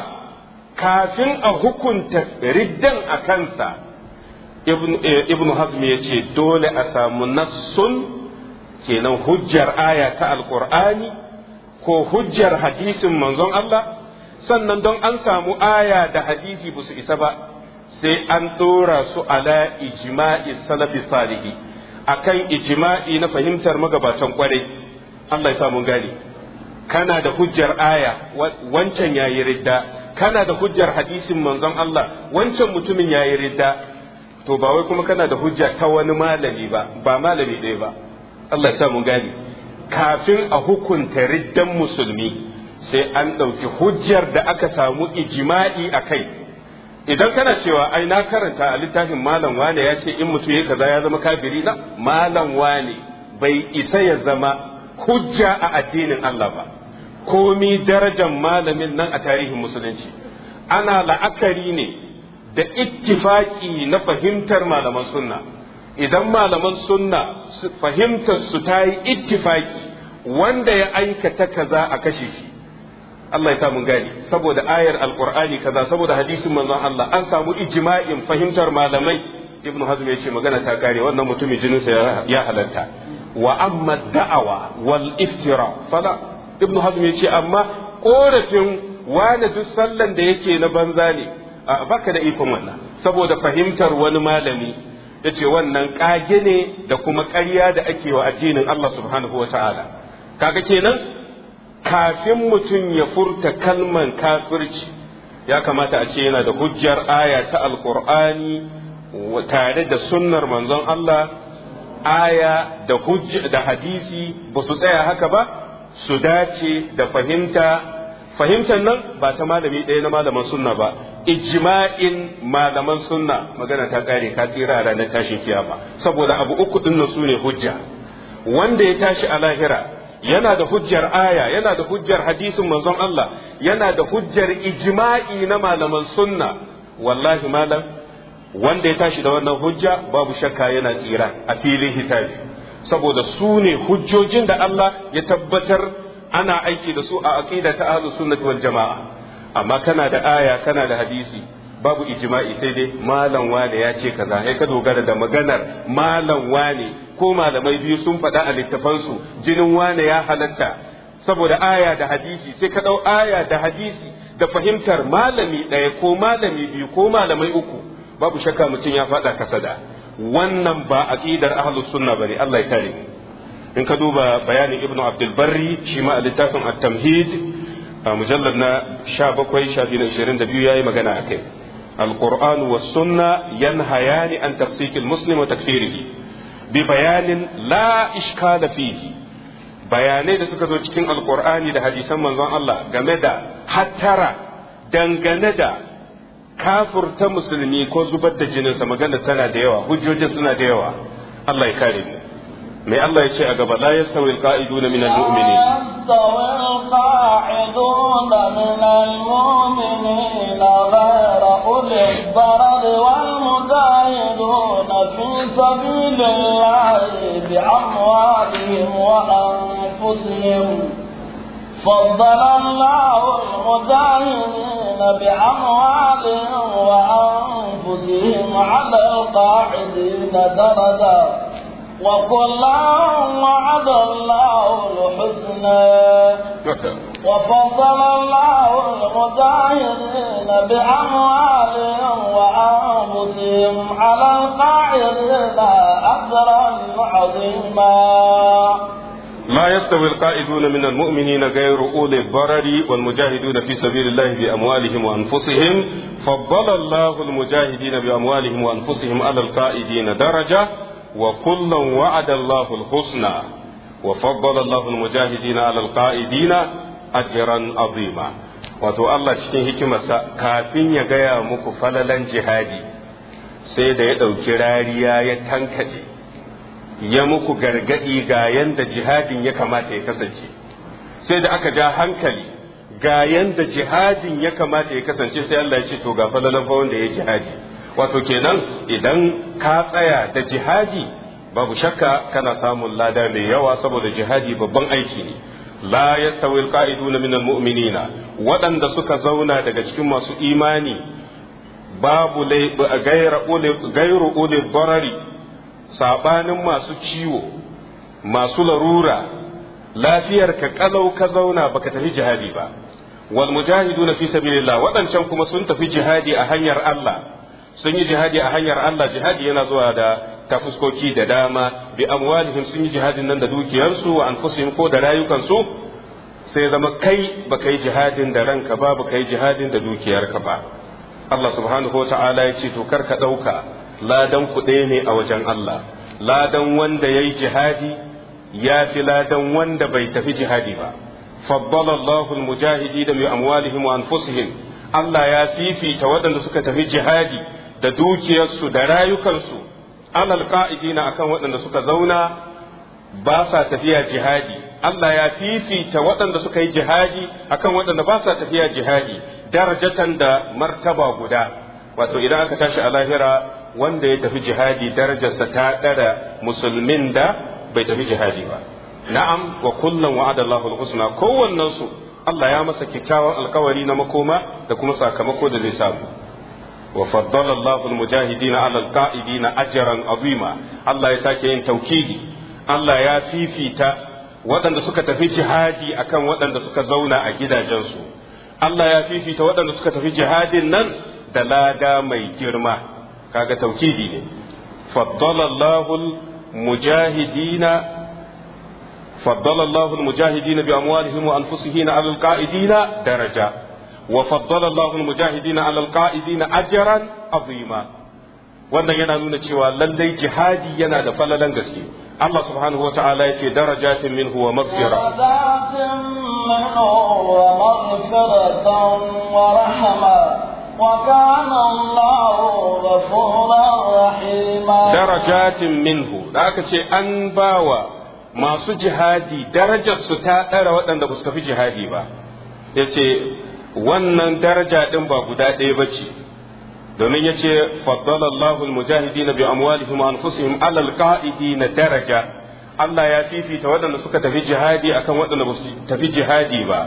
kafin a hukunta riddan a kansa ibnu eh, hazmi ya ce dole a samu nassun kenan hujjar aya ta alkur'ani ko hujjar hadisin manzon Allah sannan don an samu aya da hadisi ba su isa ba sai an ɗora su ala ijma'i salafi salihi akan ijma'i na fahimtar magabatan kwarai Allah ya sa mun gane kana da hujjar aya wancan yayi ridda kana da hujjar hadisin manzon Allah wancan mutumin yayi ridda to ba wai kuma kana da hujja ta wani malami ba ba malami ɗaya ba Allah ya sa mun gane kafin a hukunta riddan musulmi sai an ɗauki hujjar da aka samu ijima'i a kai idan kana cewa ai na karanta a littafin malam wane ya ce in mutum ya kaza ya zama kafiri na malam wane bai isa ya zama hujja a addinin Allah ba komi darajar malamin nan a tarihin musulunci ana la'akari ne da ittifaki na fahimtar malaman sunna idan malaman sunna fahimtar su ta yi ittifaki wanda ya aikata kaza a kashe shi Allah ya sa mun gane saboda ayar alqur'ani kaza saboda hadisin manzon Allah an samu ijma'in fahimtar malamai ibnu hazm ya ce magana ta kare wannan mutumin jininsa ya halatta wa amma da'awa wal iftira fala ibnu hazm ya ce amma korafin wani duk sallan da yake na banza ne baka da ikon wannan saboda fahimtar wani malami ya ce wannan ƙage ne da kuma ƙarya da ake wa addinin Allah subhanahu wa ta'ala kaga kenan kafin mutum ya furta kalman kafirci ya kamata a ce yana da hujjar aya ta alkur'ani tare da sunnar manzon Allah aya da da hadisi ba su tsaya haka ba su dace da fahimta fahimtar nan ba ta malami ɗaya na malaman sunna ba ijma'in malaman sunna magana ta kare ka tsira a ranar tashin kiyama saboda abu uku din su ne hujja wanda ya tashi a lahira yana da hujjar aya yana da hujjar hadisin manzon Allah yana da hujjar ijma'i na malaman sunna wallahi malam wanda ya tashi da wannan hujja babu shakka yana tsira a filin hisabi saboda su ne hujjojin da Allah ya tabbatar ana aiki da su a aqida ta ahlus sunnati wal jamaa amma kana da aya kana da hadisi babu ijma'i sai dai malam wane ya ce kaza sai ka dogara da maganar malam wane ko malamai biyu sun faɗa a littafan su jinin wane ya halatta saboda aya da hadisi sai ka ɗau aya da hadisi da fahimtar malami ɗaya ko malami biyu ko malamai uku babu shakka mutum ya faɗa kasada wannan ba aqidar ahlus sunna bane Allah ya tare mu in ka duba bayanin ibnu abdul barri shi ma a littafin at-tamhid a mujallar na 17 shafi na 22 yayi magana akai القرآن والسنة ينهيان عن تفسيق المسلم وتكفيره ببيان لا إشكال فيه bayanai da suka zo cikin alkur'ani da hadisan manzon Allah game da hattara dangane da kafurta musulmi ko zubar da jininsa magana tana da yawa hujjojin suna da yawa Allah ya kare mu mai Allah ya ce a gaba la yastawi alqa'iduna min almu'minin
yastawi alqa'iduna min almu'minin ghayra ulil darar wal mujahiduna fi sabilillahi bi amwalihim wa anfusihim فضل الله المجاهدين بأموالهم وأنفسهم على القاعدين درجة وكلا وعد الله الحسنى [LAUGHS] وفضل الله المجاهدين بأموالهم وأنفسهم على القاعدين أجرا عظيما
لا يستوي القائدون من المؤمنين غير أولي الضرر والمجاهدون في سبيل الله بأموالهم وأنفسهم فضل الله المجاهدين بأموالهم وأنفسهم على القائدين درجة وكلا وعد الله الحسنى وفضل الله المجاهدين على القائدين اجرا عظيما wato Allah cikin hikimarsa kafin ya gaya muku falalan jihadi sai da ya ɗauki rariya ya tankaɗe ya muku gargaɗi ga yanda jihadin ya kamata ya kasance sai da aka ja hankali ga yanda jihadin ya kamata ya kasance sai Allah ya ce to ga falalan fa wanda ya jihadi wato kenan idan ka tsaya da jihadi babu shakka kana samun lada mai yawa saboda jihadi babban aiki ne la yastawi alqa'iduna minal mu'minina waɗanda suka zauna daga cikin masu imani babu gairu ule barari sabanin masu ciwo masu larura lafiyar ka kalau ka zauna baka tafi jihadi ba wal mujahiduna fi sabilillah waɗancan kuma sun tafi jihadi a hanyar Allah sun yi jihadi a hanyar Allah jihadi yana zuwa da ta fuskoki da dama bi amwalihim sun yi jihadin nan da dukiyarsu wa anfusihim ko da rayukansu sai zama kai ba kai jihadin da ranka ba ba kai jihadin da dukiyarka ba Allah subhanahu wata'ala ya ce to kar ka ɗauka ladan kuɗe ne a wajen Allah ladan wanda ya yi jihadi ya fi ladan wanda bai tafi jihadi ba faddala Allahu al da bi amwalihim wa anfusihim Allah ya fifita waɗanda suka tafi jihadi da dukiyarsu da rayukansu alal qa'idina akan waɗanda suka zauna ba sa tafiya jihadi Allah ya fifita waɗanda suka yi jihadi akan waɗanda ba sa tafiya jihadi darajatan da martaba guda wato idan aka tashi a lahira wanda ya tafi jihadi darajarsa ta ɗara musulmin da bai tafi jihadi ba na'am wa kullum wa'ada Allahu al-husna kowannen su Allah ya masa kyakkyawan alkawari na makoma da kuma sakamako da zai samu وفضل الله المجاهدين على القائدين أجرا Ya الله yin توكيدي الله ya fifita waɗanda suka tafi jihadi akan waɗanda suka zauna a gidajensu Allah ya fifita waɗanda suka tafi jihadin nan da lada mai girma kaga taukidi ne faddalallahu mujahidina faddalallahu mujahidina bi amwalihim wa anfusihim ala alqaidina daraja wa faddala Allahu al-mujahidina 'ala al-qa'idina wannan yana nuna cewa lallai jihadi yana da falalan gaske Allah subhanahu wa ta'ala yake darajatin minhu wa maghfira
darajatin
da aka ce an bawa masu jihadi darajar su ta ɗara waɗanda ba su tafi jihadi ba yace wannan daraja din ba guda ɗaya ba ce domin ya ce faddalallahu almujahidina bi amwalihim anfusihim alal na daraja Allah ya fifita waɗanda suka tafi jihadi akan waɗanda ba su tafi jihadi ba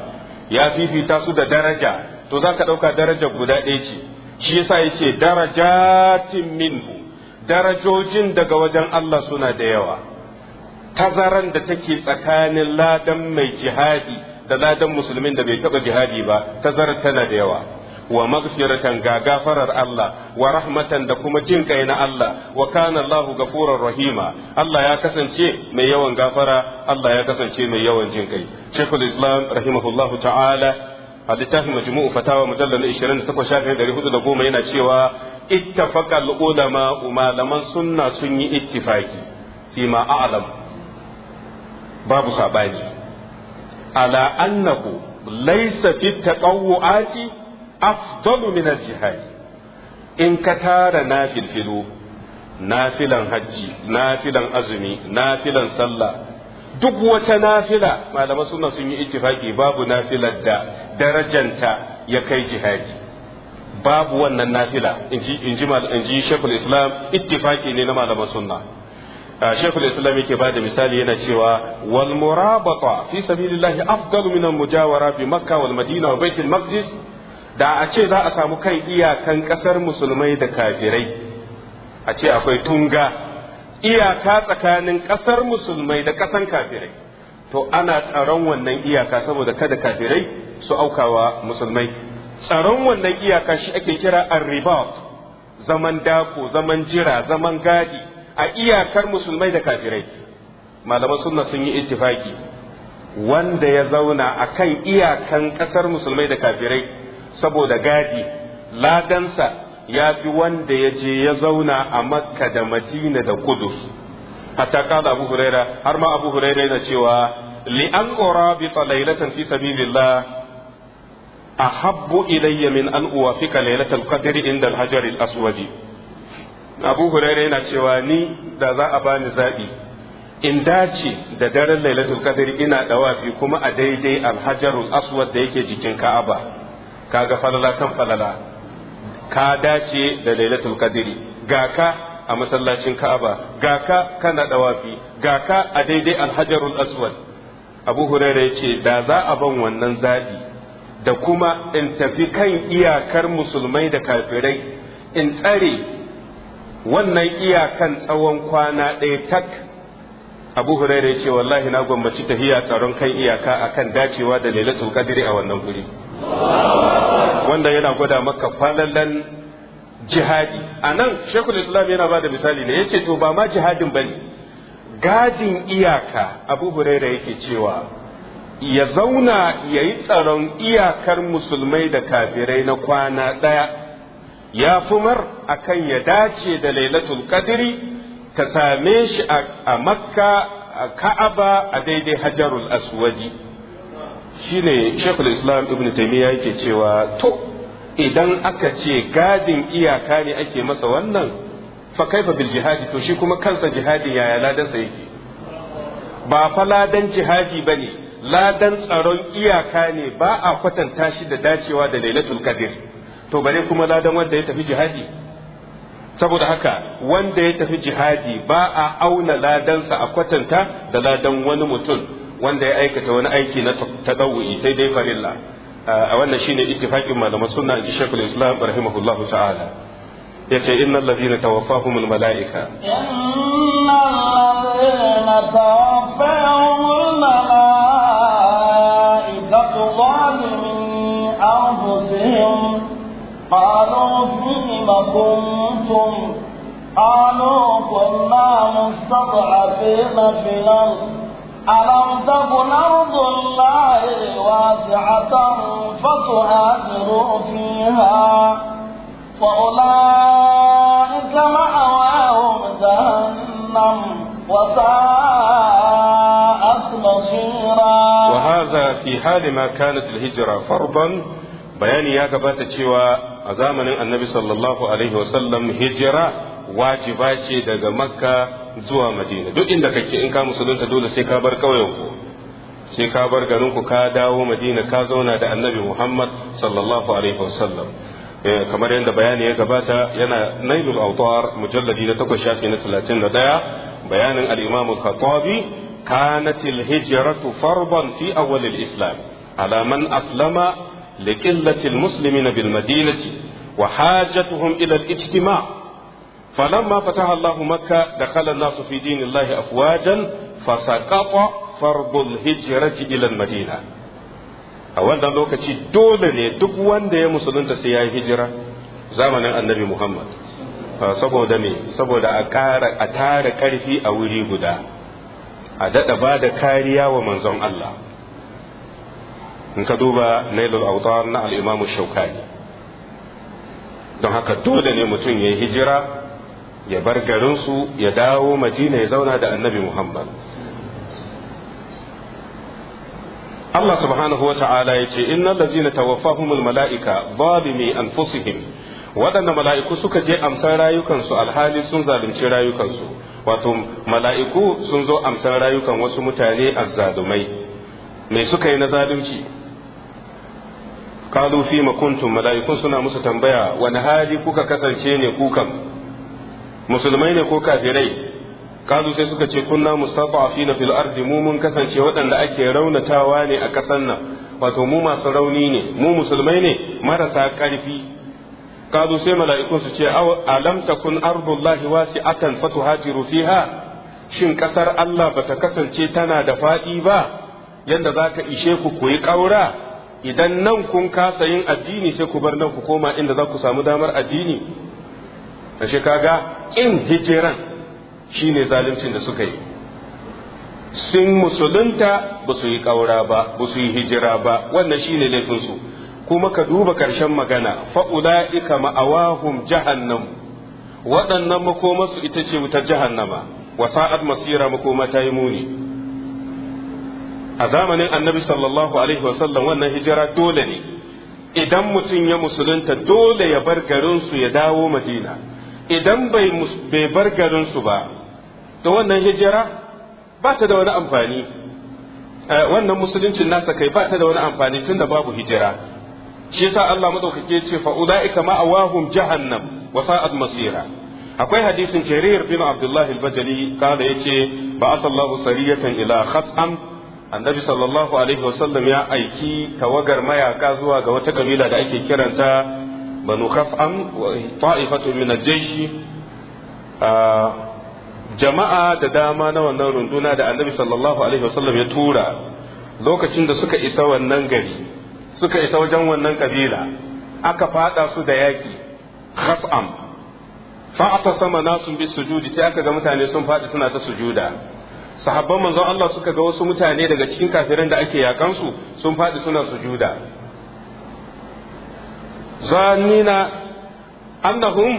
ya fifita su da daraja to za ka ɗauka daraja guda ɗaya ce shi yasa ya ce darajatin minhu darajojin daga wajen Allah suna da yawa tazaran da take tsakanin ladan mai jihadi da ladan musulmin da bai taba jihadi ba ta tana da yawa wa maghfiratan ga gafarar Allah wa rahmatan da kuma jin kai na Allah wa kana Allah gafurur rahima Allah ya kasance mai yawan gafara Allah ya kasance mai yawan jin kai Sheikhul Islam rahimahullahu ta'ala a littafin majmu'u fatawa mujallal 28 shafin 410 yana cewa ittafaqal ulama malaman sunna sun yi ittifaki fi ma a'lam babu sabani ala annahu laysa fi taqawwu'ati afdalu min jihad in ka tara nafilfilu nafilan hajji nafilan azumi nafilan sallah duk wata nafila malama suna sun yi ittifaki babu nafilar da darajanta ya kai jihadi babu wannan nafila in ji shekul islam ittifaki ne na malaman sunna shekul islam yake bada misali yana cewa wal murabata fi sabilillahi afdalu min al mujawara bi makka wal madina wa da a ce za a samu kan iyakan kasar musulmai da kafirai a ce akwai tunga iyaka tsakanin kasar musulmai da kasan kafirai to ana tsaron wannan iyaka saboda kada kafirai su aukawa musulmai tsaron wannan iyaka shi ake kira arribat zaman dako zaman jira zaman gadi a iyakar musulmai da kafirai malaman sunna sun yi ittifaki wanda ya zauna a kan iyakan ƙasar musulmai da kafirai saboda gadi ladansa ya fi wanda ya je ya zauna a makka da madina da kudus hatta kada abu huraira har ma abu huraira yana cewa li an qura bi talailatan fi sabilillah ahabbu ilayya min an uwafika lailatul qadri inda al-hajar al-aswadi abu hurairah yana cewa ni da za a bani zaɓi. in dace da daren lailatul qadr ina dawafi kuma a daidai alhajarul aswad da yake jikin ka'aba kaga falala kan falala ka dace da lailatul qadr ga ka a masallacin ka'aba ga ka kana dawafi ga ka a daidai alhajarul aswad abu hurairah yace da za a ban wannan zabi da kuma in tafi kan iyakar musulmai da kafirai in tsare wannan iyakan tsawon kwana ɗaya tak abu huraira ya ce wallahi na gwammaci tahiya tsaron kan iyaka akan dacewa da lailatul qadri a wannan guri wanda yana gwada maka falalan jihadi a nan shekul islam yana ba da misali ne yace to ba ma jihadin bane gadin iyaka abu huraira yake cewa ya zauna yayi tsaron iyakar musulmai da kafirai na kwana ɗaya ya fi mar akan ya dace da lailatul qadri ka same shi a makka a ka'aba a daidai hajarul Shi shine shekul islam ibn taymiya yake cewa to idan aka ce gadin iyaka ne ake masa wannan fa kaifa bil jihadi to shi kuma kansa jihadi yaya ladansa yake ba fa ladan jihadi bane ladan tsaron iyaka ne ba a kwatanta shi da dacewa da lailatul qadr to bare kuma ladan wanda ya tafi jihadi saboda haka wanda ya tafi jihadi ba a auna ladansa a kwatanta da ladan wani mutum wanda ya aikata wani aiki na tadawu'i sai dai farilla a wannan shine ittifaqin malaman sunna ji Sheikhul Islam rahimahullahu ta'ala yace innal ladina tawaffahumul malaika
innal ladina tawaffahum malaika قالوا فيم كنتم قالوا كنا مستضعفين في الأرض ألم تكن أرض الله واسعة فتهاجروا فيها فأولئك مأواهم جهنم وساءت مصيرا
وهذا في حال ما كانت الهجرة فرضا bayani ya gabata cewa a zamanin annabi sallallahu alaihi wasallam hijira wajiba ce daga makka zuwa madina duk inda kake in ka musulunta dole sai ka bar ƙauyenku sai ka bar garinku ka dawo madina ka zauna da annabi muhammad sallallahu alaihi wasallam eh, kamar yadda bayani ya gabata yana nailul autar mujalladi na takwas shafi na talatin da ɗaya bayanin al-imam kanatil khattabi farban fi فرضا islam أول الإسلام على لقلة المسلمين بالمدينة وحاجتهم إلى الاجتماع فلما فتح الله مكة دخل الناس في دين الله أفواجا فسقط فرض الهجرة إلى المدينة a wannan lokaci dole ne duk wanda ya musulunta sai ya yi hijira zamanin annabi Muhammad saboda me saboda a ƙara a tara ƙarfi a wuri guda a daɗa ba da kariya wa manzon Allah in ka duba nailul autar na al'imamu shaukani don haka dole ne mutum ya yi hijira ya bar garinsu ya dawo madina ya zauna da annabi muhammad Allah subhanahu wa ta'ala ya ce innal ladzina tawaffahumul mala'ika zalimi anfusihim waɗanda mala'iku suka je amsan rayukansu alhali sun zalunci rayukansu wato mala'iku sun zo amsan rayukan wasu mutane azzalumai me suka yi na zalunci kalu fi makuntum mala'ikun suna musu tambaya wani hali kuka kasance ne kukan musulmai ne ko kafirai kalu sai suka ce kunna mustada'afina fil ardi mu mun kasance waɗanda ake raunatawa ne a kasan nan wato mu masu rauni ne mu musulmai ne marasa ƙarfi kalu sai mala'ikun su ce alam takun ardullahi wasi'atan fatuhajiru fiha shin kasar Allah bata kasance tana da faɗi ba yanda zaka ishe ku koyi ƙaura idan nan kun kasa yin addini sai ku bar nan ku koma inda za ku samu damar addini ashe kaga in hijiran ne zaluncin da suka yi sun musulunta ba su yi ƙaura ba ba su yi hijira ba wannan shi ne laifinsu kuma ka duba ƙarshen magana ika ma’awahun jahannam waɗannan makomarsu ita ce wutar jahannama wa sa'ad masira makoma ta yi muni a zamanin annabi sallallahu alaihi wasallam wannan hijira dole ne idan mutum ya musulunta dole ya bar garinsu ya dawo madina idan bai bar garinsu ba to wannan hijira ba ta da wani amfani eh, wannan musuluncin nasa kai ba ta da wani amfani tun da babu hijira shi sa Allah madaukake ce fa ulaika ma'awahum jahannam wa sa'at masira akwai hadisin jarir bin abdullah al-bajali kada yace ba asallahu sariyatan ila khat'am annabi sallallahu alaihi wasallam ya aiki tawagar mayaka zuwa ga wata kabila da ake kiranta banu khaf'am wa ta'ifatu min al-jaysh jama'a da dama na wannan runduna da annabi sallallahu alaihi wasallam ya tura lokacin da suka isa wannan gari suka isa wajen wannan kabila aka fada su da yaki khaf'am fa'ata sama nasun bi sujudi sai aka ga mutane sun fadi suna ta sujuda sahabban manzon Allah suka ga wasu mutane daga cikin kafiran da ake yakansu sun faɗi suna sujuda zanina annahum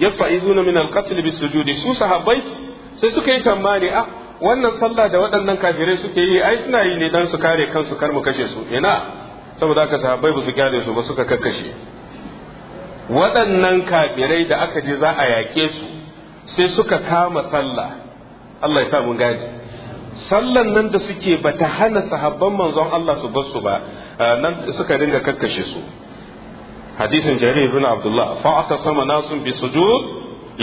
yafa'izuna min alqatl bisujudi su sahabbai sai suka yi tambari a ah, wannan sallah da waɗannan kafirai suke yi ai suna yi ne dan su kare kansu kar mu kashe su ina saboda haka sahabbai ba su kyale su ba suka kakkashe waɗannan kafirai da aka je za a yake su sai suka kama sallah Allah ya sa mun gaji. sallan nan da suke ba ta hana sahabban manzon Allah su su ba uh, nan suka dinga kakkashe su hadisin jarir ibn abdullah fa aka sama nasun bi sujud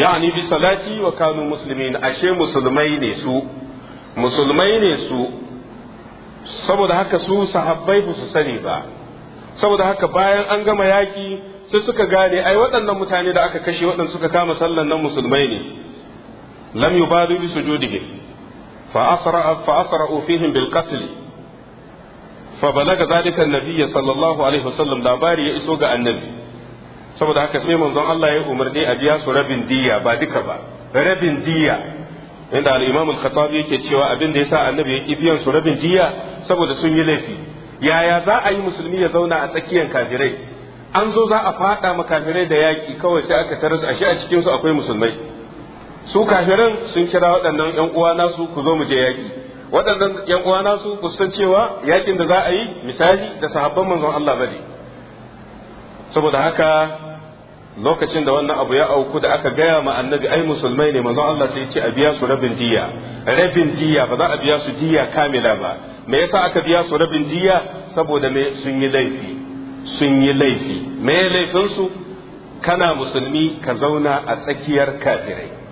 yani bi salati wa kanu muslimin ashe musulmai ne su musulmai ne su saboda haka su sahabbai ba su sani ba saboda haka bayan an gama yaki sai suka gane ai waɗannan mutane da aka kashe waɗanda suka kama sallan nan musulmai ne lam yubadu bi sujudihim فأسرع فأسرعوا فيهم بالقتل فبلغ ذلك النبي صلى الله عليه وسلم labari ya iso ga annabi saboda haka sai manzon Allah ya umarni a biya su rabin diya ba duka ba rabin diya inda al-Imam al-Khattabi yake cewa abin da yasa annabi ya ki biyan su rabin diya saboda sun yi laifi yaya za a yi musulmi ya zauna a tsakiyar kafirai an zo za a fada kafirai da yaki kawai sai aka taras ashe a cikin su akwai musulmai su kafirin sun kira waɗannan ‘yan uwa nasu ku zo mu je yaƙi waɗannan ‘yan uwa nasu ku san cewa yaƙin da za a yi misali da sahabban manzon Allah bane saboda haka lokacin da wannan abu ya auku da aka gaya ma annabi ai musulmai ne manzon Allah sai ce a biya su rabin jiya rabin diya ba za a biya su diya kamila ba me yasa aka biya su rabin diya saboda me sun yi laifi sun yi laifi me laifin su kana musulmi ka zauna a tsakiyar kafirai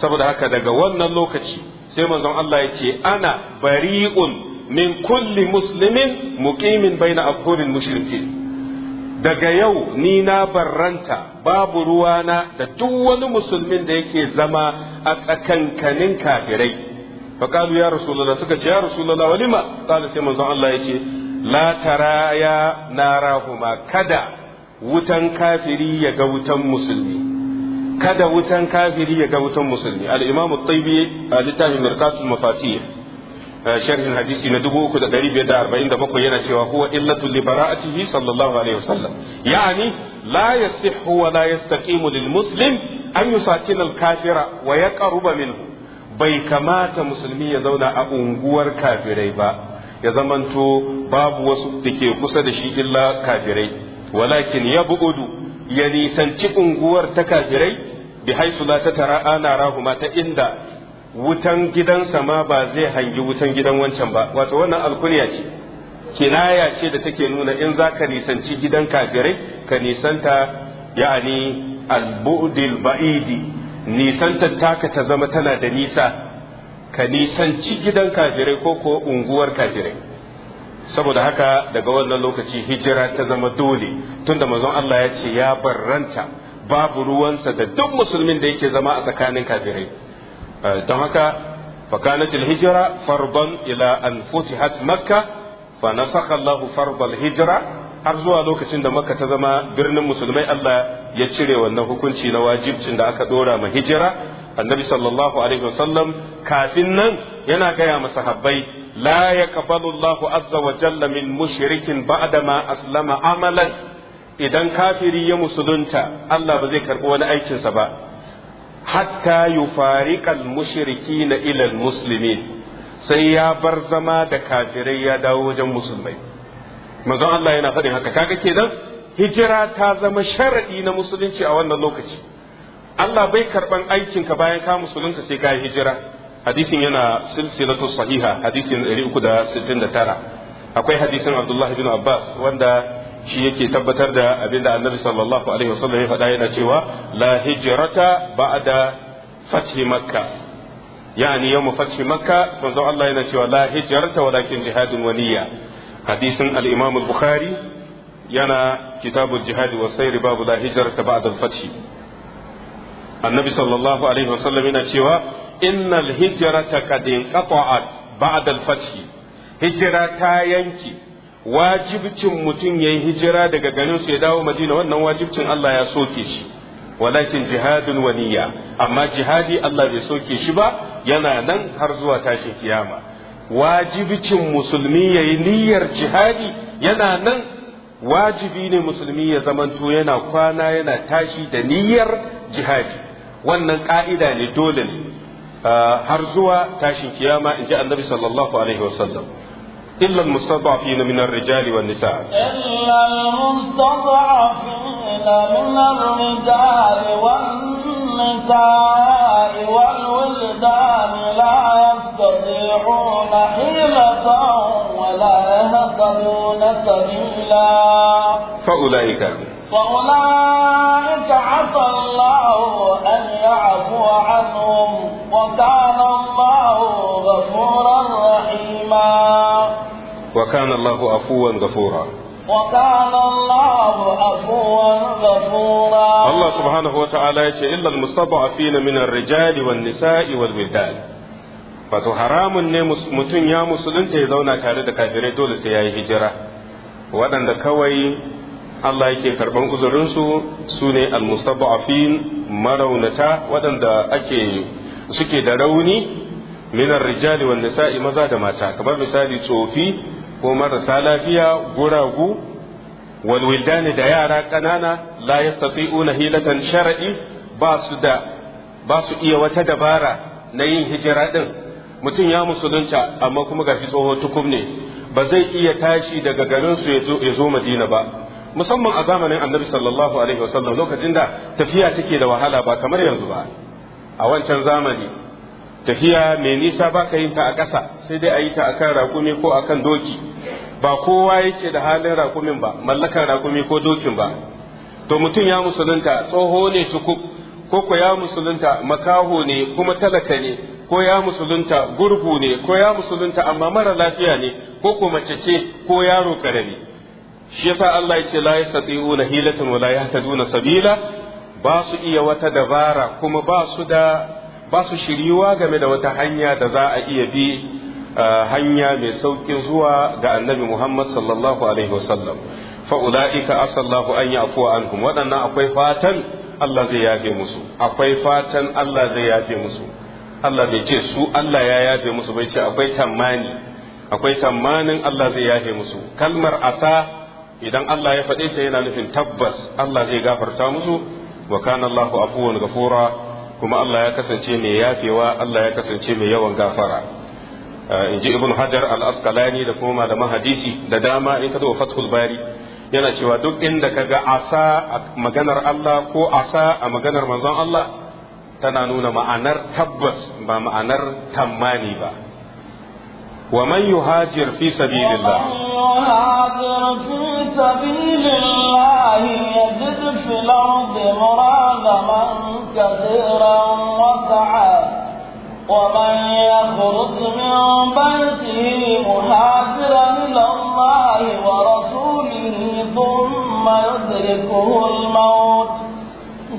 saboda haka daga wannan lokaci sai manzon Allah ya ce ana bari'un min kulli muslimin muqimin baina afhurin mushrikin daga yau ni na barranta babu ruwana da duk wani musulmin da yake zama a tsakankanin kafirai faqalu ya rasulullah suka ce ya rasulullah walima qala sai manzon Allah ya ce la taraya narahuma kada wutan kafiri ya ga wutan musulmi kada wutan kafiri ya ga wutan musulmi al-imamu at-tayyibi a littafin mirqatul mafatih eh, sharhin hadisi na 3547 yana cewa huwa illatul li bara'atihi sallallahu alaihi wasallam yani la yasihhu wa la yastaqimu lil muslim an yusatina al-kafira wa yaqruba minhu bai kamata musulmi ya zauna a unguwar kafirai ba ya zamanto babu wasu da ke kusa da shi illa kafirai walakin ya bu'udu ya nisanci unguwar ta kafirai bi haisu la ta tara ana rahuma ta inda wutan gidansa ma ba zai hangi wutan gidan wancan ba wato wannan alkuniya ce kinaya ce da take nuna in za ka nisanci gidan kafirai ka nisanta ya'ani albu'dil ba'idi ta taka ta zama tana da nisa ka nisanci gidan kafirai ko ko unguwar kafirai saboda haka daga wannan lokaci hijira ta zama dole tunda manzon Allah ya ce ya barranta babu ruwansa da duk musulmin da yake zama a tsakanin kafirai eh, don haka فكانت الهجرة فرضا إلى أن فتحت مكة فنسخ الله فرض الهجرة har zuwa lokacin da maka ta zama birnin musulmai Allah ya cire wannan hukunci na wajibcin da aka ɗora ma hijira annabi sallallahu alaihi wasallam kafin nan yana gaya ma sahabbai laya yaqbalu Allahu azza wa jalla min mushrikin ba'da ma aslama amalan idan kafiri ya musulunta Allah ba zai karɓi wani aikinsa ba hatta yu mushiriki na ilal muslimin sai ya bar zama da kafirai ya dawo wajen musulmai manzon Allah yana faɗin haka kaga kenan hijira ta zama sharadi na musulunci a wannan lokaci Allah bai karɓan aikinka bayan ka musulunta sai ka hijira hadisin yana silsilatu sahiha hadisin 369 akwai hadisin Abdullah ibn Abbas wanda shi yake tabbatar da abin da annabi sallallahu alaihi wasallam ya faɗa yana cewa la hijrata ba'da fathi makka yani yawm fathi makka manzo Allah yana cewa la hijrata walakin jihadun waniya hadisin al-imam al-bukhari yana kitabul jihad wa sayr babu la hijrata ba'da al-fath annabi sallallahu alaihi wasallam yana cewa innal hijrata qad inqata'at ba'da al-fath hijra ta yanki wajibcin mutum ya yi hijira daga garin su ya dawo madina wannan wajibcin Allah ya soke shi walakin jihadun waniya amma jihadi Allah bai soke shi ba yana nan har zuwa tashin kiyama wajibcin musulmi ya yi niyyar jihadi yana nan wajibi ne musulmi ya zamanto yana kwana yana tashi da niyyar jihadi wannan ka'ida ne dole ne ah, har zuwa tashin kiyama in ji annabi sallallahu alaihi wasallam إلا المستضعفين من الرجال والنساء
إلا المستضعفين من الرجال والنساء والولدان لا يستطيعون حيلة ولا يهتدون سبيلا فأولئك فأولئك عسى الله أن يعفو عنهم وكان الله غفورا رحيما
wa kana Allahu afuwan ghafura
وكان الله عفوا غفورا الله
سبحانه وتعالى يقول إلا المستضعفين من الرجال والنساء والولدان wato haramun ne mutum ya musulunta ya zauna tare da kafirai dole sai ya yi hijira waɗanda kawai Allah yake karɓan uzurinsu su ne almustaba'afin maraunata waɗanda ake suke da rauni minar rijali wan nisa'i maza da mata kamar misali tsofi ko marasa lafiya guragu wal da yara ƙanana la yastati'una hilatan shar'i ba su ba su iya wata dabara na yin hijira din mutum ya musulunta amma kuma gashi tsoho tukum ne ba zai iya tashi daga garinsu su ya zo madina ba musamman a zamanin annabi sallallahu alaihi wasallam lokacin da tafiya take da wahala ba kamar yanzu ba a wancan zamani tafiya mai nisa baka ka yin ta a ƙasa sai dai a yi ta akan rakumi ko akan doki ba kowa yake da halin rakumin ba mallakar rakumi ko dokin ba to mutum ya musulunta tsoho ne tukub ko ko ya musulunta makaho ne kuma talaka ne ko ya musulunta gurgu ne ko ya musulunta amma mara lafiya ne ko ko mace ce ko yaro karami shi yasa Allah yake ce la yastati'una hilatan wa la yahtaduna sabila ba su iya wata dabara kuma ba su da ba su shiriwa game da wata hanya da za a iya bi uh, hanya mai sauƙi zuwa ga annabi Muhammad sallallahu alaihi wasallam fa asallahu an yafu anhum wadannan akwai fatan Allah zai yafe musu akwai fatan Allah zai yafe musu Allah bai ce su Allah ya yafe musu bai ce akwai tammani akwai tammanin Allah zai yafe musu kalmar asa idan Allah ya faɗe ta yana nufin tabbas Allah zai gafarta musu wa kana Allahu afuwan ghafura kuma Allah ya kasance mai yafewa Allah ya kasance mai yawan gafara eh, in ji ibn hajar al-asqalani da kuma malaman hadisi da dama in ka zo fathul bari yana cewa duk inda ka ga asa a maganar Allah ko asa a maganar manzon Allah tana nuna ma'anar tabbas ba ma'anar tammani ba ومن يهاجر في سبيل الله
ومن يهاجر في سبيل الله يجد في الأرض مراغما كثيرا وسعا ومن يخرج من بيته مهاجرا إلى الله ورسوله ثم يدركه الموت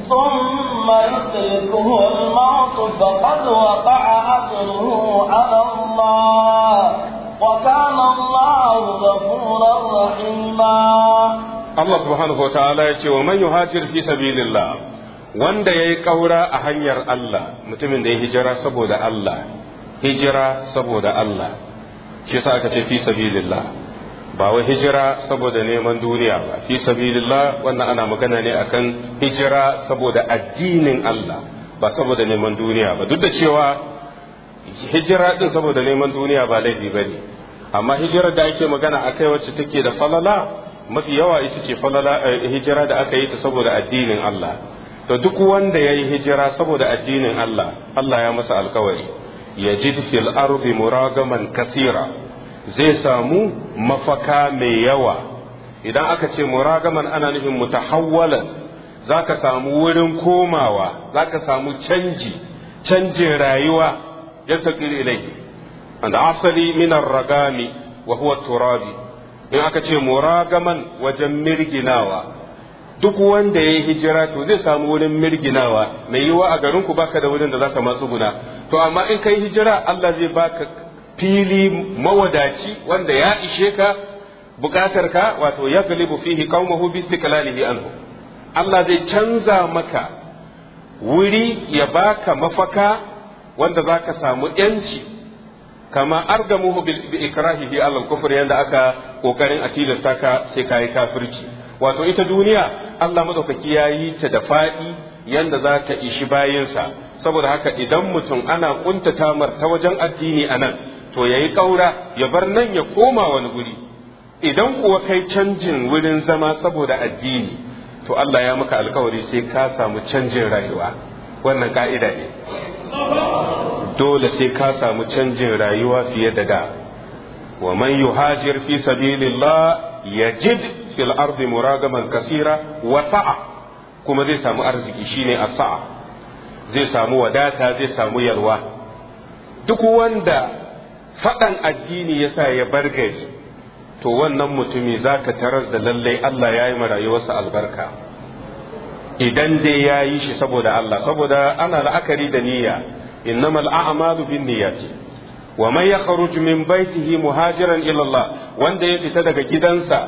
ثم يدركه الموت فقد وقع أجره على الله وكان الله غفورا رحيما
Allah سبحانه وتعالى ta'ala ya ce wa سبيل الله fi wanda yayi kaura a hanyar Allah mutumin da ya hijira saboda Allah hijira saboda Allah shi sa aka ce fi sabilillah ba wai hijira saboda neman duniya ba fi sabilillah wannan ana magana ne akan hijira saboda addinin Allah ba saboda neman duniya ba duk da cewa hijira din saboda neman duniya ba laifi ba ne amma hijirar da ake magana a kai wacce take da falala mafi yawa ita ce falala eh, hijira da aka yi ta saboda addinin Allah to duk wanda ya yi hijira saboda addinin Allah Allah ya masa alkawari ya ji fil ardi muragaman kasira zai samu mafaka mai yawa idan aka ce muragaman ana nufin mutahawwalan za ka samu wurin komawa za ka samu canji canjin rayuwa yantaqil ilayhi and asali min ar-ragami wa huwa turabi in aka ce muragaman wajen mirginawa duk wanda ya yi hijira to zai samu wurin mirginawa mai yiwa a garin ku baka da wurin da zaka matsu guna to amma in kai hijira Allah zai baka fili mawadaci wanda ya ishe ka bukatar ka wato ya galibu fihi qaumahu bi istiklalihi anhu Allah zai canza maka wuri ya baka mafaka wanda za ka samu yanci kama argamuhu bi ikrahihi alal kufr yanda aka kokarin a tilasta ka sai kai kafirci wato ita duniya Allah madaukaki yayi ta da fadi yanda za ka ishi sa saboda haka idan mutum ana kunta tamar ta wajen addini anan to yayi kaura ya bar nan ya koma wani guri idan kuwa kai canjin wurin zama saboda addini to Allah ya maka alkawari sai ka samu canjin rayuwa wannan ka'ida ne dole sai ka samu canjin rayuwa fiye da da wa man yuhajir fi sabilillah yajid fil ardi muragaman kasira wa sa'a kuma zai samu arziki shine as-sa'a zai samu wadata zai samu yalwa duk wanda faɗan addini yasa ya bar gari to wannan mutumi zaka tarar da lallai Allah ya yi rayuwarsa albarka idan dai ya yi shi saboda Allah saboda ana la'akari da niyya innamal a'malu bin niyyati wa man yakhruj min baitihi muhajiran ila Allah wanda ya fita daga gidansa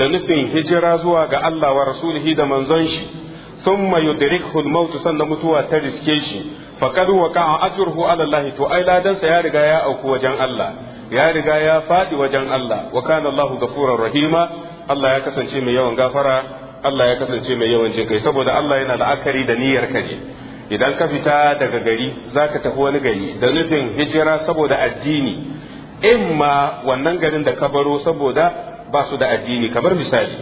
da nufin hijira zuwa ga Allah wa rasulihi da manzon shi thumma yudrikhu al-maut sannan mutuwa ta riske shi faqad waqa'a ajruhu ala Allah to ai ladansa ya riga ya auku wajen Allah ya riga ya fadi wajen Allah wa kana Allahu ghafurur rahima Allah ya kasance mai yawan gafara Allah ya kasance mai yawan jin kai saboda Allah yana la'akari da niyyar ka ne idan ka fita daga gari za ka tafi wani gari da nufin hijira saboda addini in ma wannan garin da ka baro saboda ba su da addini kamar misali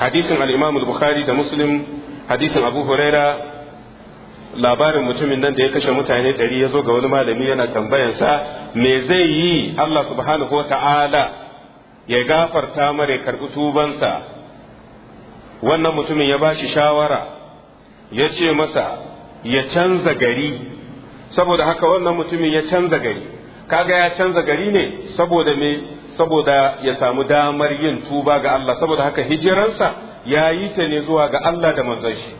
hadisin al-Imam al-Bukhari da Muslim hadisin Abu Huraira labarin mutumin nan da ya kashe mutane ɗari ya zo ga wani malami yana tambayansa me zai yi Allah subhanahu wa ta'ala ya gafarta mare karɓi tubansa wannan mutumin ya ba shi shawara ya ce masa ya canza gari saboda haka wannan mutumin ya canza gari kaga ya canza gari ne saboda me saboda ya samu damar yin tuba ga Allah saboda haka hijiransa ya yi ta ne zuwa ga Allah da manzon shi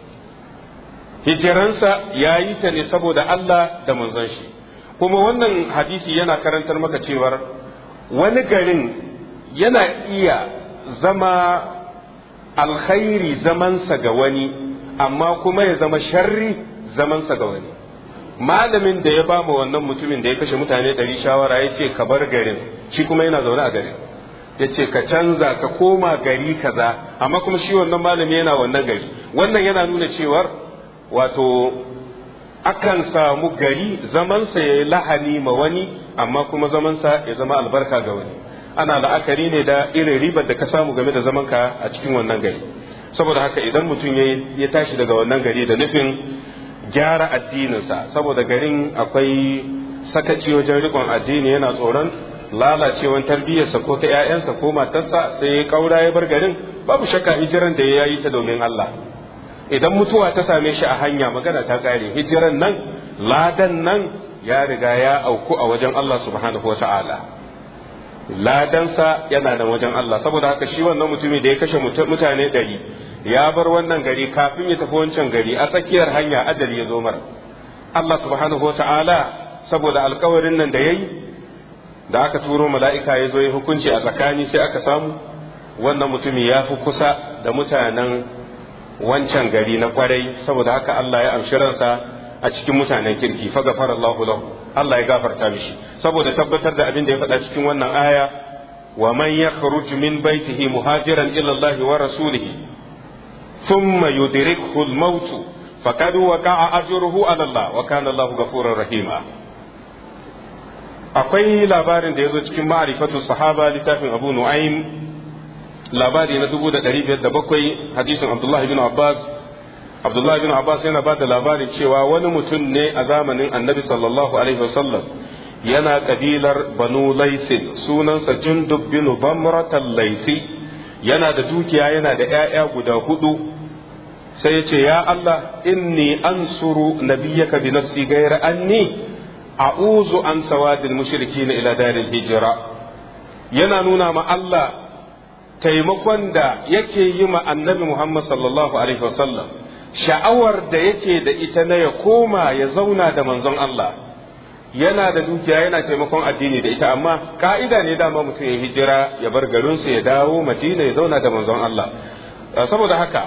hijiransa ya yi ta ne saboda Allah da manzon shi kuma wannan hadisi yana karantar maka cewar wani garin yana iya zama alkhairi zamansa ga wani amma kuma ya zama sharri zamansa ga wani malamin da ya bama wannan mutumin da ya kashe mutane ɗari shawara ya ce ka bar garin shi kuma yana zaune a gari. ya ce ka canza ka koma gari kaza amma kuma shi wannan malami yana wannan gari wannan yana nuna cewar wato akan samu gari zamansa ya yi lahani ma wani amma kuma zamansa ya zama albarka ga wani ana la'akari ne da irin ribar da ka samu game da zaman ka a cikin wannan gari saboda haka idan mutum ya tashi daga wannan gari da nufin gyara addininsa saboda garin akwai sakaci wajen rikon addini yana tsoron lalacewan tarbiyyarsa ko ta 'ya'yansa ko matarsa sai ya kaura ya bar garin babu shakka hijiran da ya yi ta domin Allah idan mutuwa ta same shi a hanya magana ta kare hijiran nan ladan nan ya riga ya auku a wajen Allah subhanahu wa ta'ala ladansa yana da wajen Allah saboda haka shi wannan mutumi da ya kashe mutane ɗari ya bar wannan gari kafin ya tafi wancan gari a tsakiyar hanya ajali ya zo mara Allah subhanahu wa ta'ala saboda alkawarin nan da ya yi da aka turo mala'ika ya zo ya hukunci a tsakani sai aka samu wannan mutumi ya fi kusa da mutanen wancan gari na kwarai saboda haka Allah ya amshi ransa a cikin mutanen kirki fa gafara lahu Allah ya gafarta mishi saboda tabbatar da abin da ya faɗa cikin wannan aya wa man yakhruj min baitihi muhajiran ila Allah wa rasulihi thumma yudrikhu al-maut faqad waqa'a ajruhu ala Allah wa kana rahima akwai labarin da ya zo cikin ma'arifatu sahaba littafin Abu Nu'aym labari na 1507 hadisin Abdullah ibn Abbas abdullahi bin abbas yana ba da labarin cewa wani mutum ne a zamanin annabi sallallahu alaihi wasallam yana kabilar banu laisin sunansa jundub bin bamratan laisi yana da dukiya yana da 'ya'ya guda hudu sai ya ce ya allah inni ansuru nabiyyaka bi nafsi gaira anni a'uzu an sawadil mushrikin ila daril hijra yana nuna ma allah taimakon da yake yi ma annabi muhammad sallallahu alaihi wasallam sha'awar da yake da ita na ya koma ya zauna da manzon Allah yana da dukiya yana taimakon addini da ita amma ka'ida ne dama mutum ya hijira ya bar garinsu ya dawo madina ya zauna da manzon Allah ah, saboda haka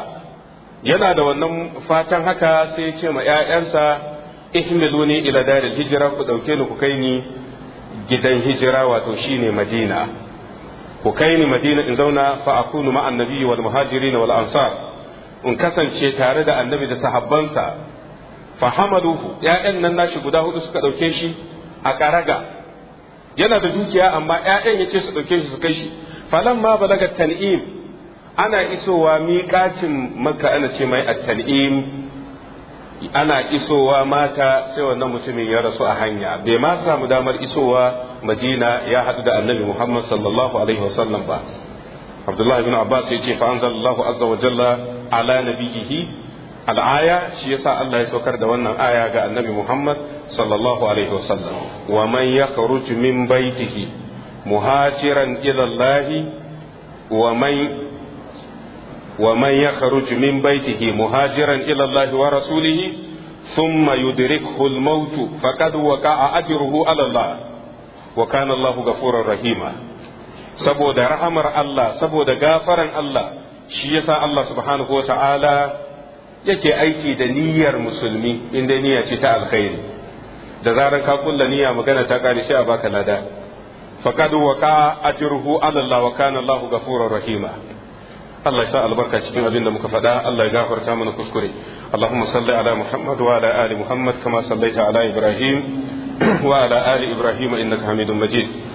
yana da wannan fatan haka sai ya ce ma 'ya'yansa ihmiluni ila daril hijira ku dauke ni ku kai ni gidan hijira wato shine madina ku kai ni madina in zauna fa akunu ma'an nabiyyi wal muhajirin wal ansar in kasance tare da annabi da sahabbansa fa hamaluhu ƴaƴan nan nashi guda hudu suka ɗauke shi a ƙaraga yana da dukiya amma ƴaƴan yace su ɗauke shi su kai shi falan ma balaga tan'im ana isowa miƙacin makka ana ce mai at-tan'im ana isowa mata sai wannan mutumin ya rasu a hanya bai ma samu damar isowa madina ya haɗu da annabi muhammad sallallahu alaihi wasallam ba abdullahi ibn abbas yace fa anzalallahu azza wa jalla ala nabiyhi al'aya shi yasa Allah ya saukar da wannan aya ga annabi Muhammad sallallahu alaihi wa sallam. wa man yakhruj min baitihi muhajiran ila Allah wa man ومن يخرج من بيته مهاجرا إلى الله ورسوله ثم يدركه الموت فقد وقع أجره على الله وكان الله غفورا رحيما saboda rahamar Allah saboda gafaran Allah shi yasa Allah subhanahu wata'ala yake aiki da niyyar musulmi inda niyya ce ta alkhairi da zaran ka kulla niyya magana ta kare shi a baka lada faqad waqa ajruhu ala Allah wa kana Allah ghafurur rahima Allah ya sa albarka cikin abin da muka faɗa Allah ya gafarta mana kuskure Allahumma salli ala Muhammad wa ala ali Muhammad kama sallaita ala Ibrahim wa ala ali Ibrahim innaka Hamidum Majid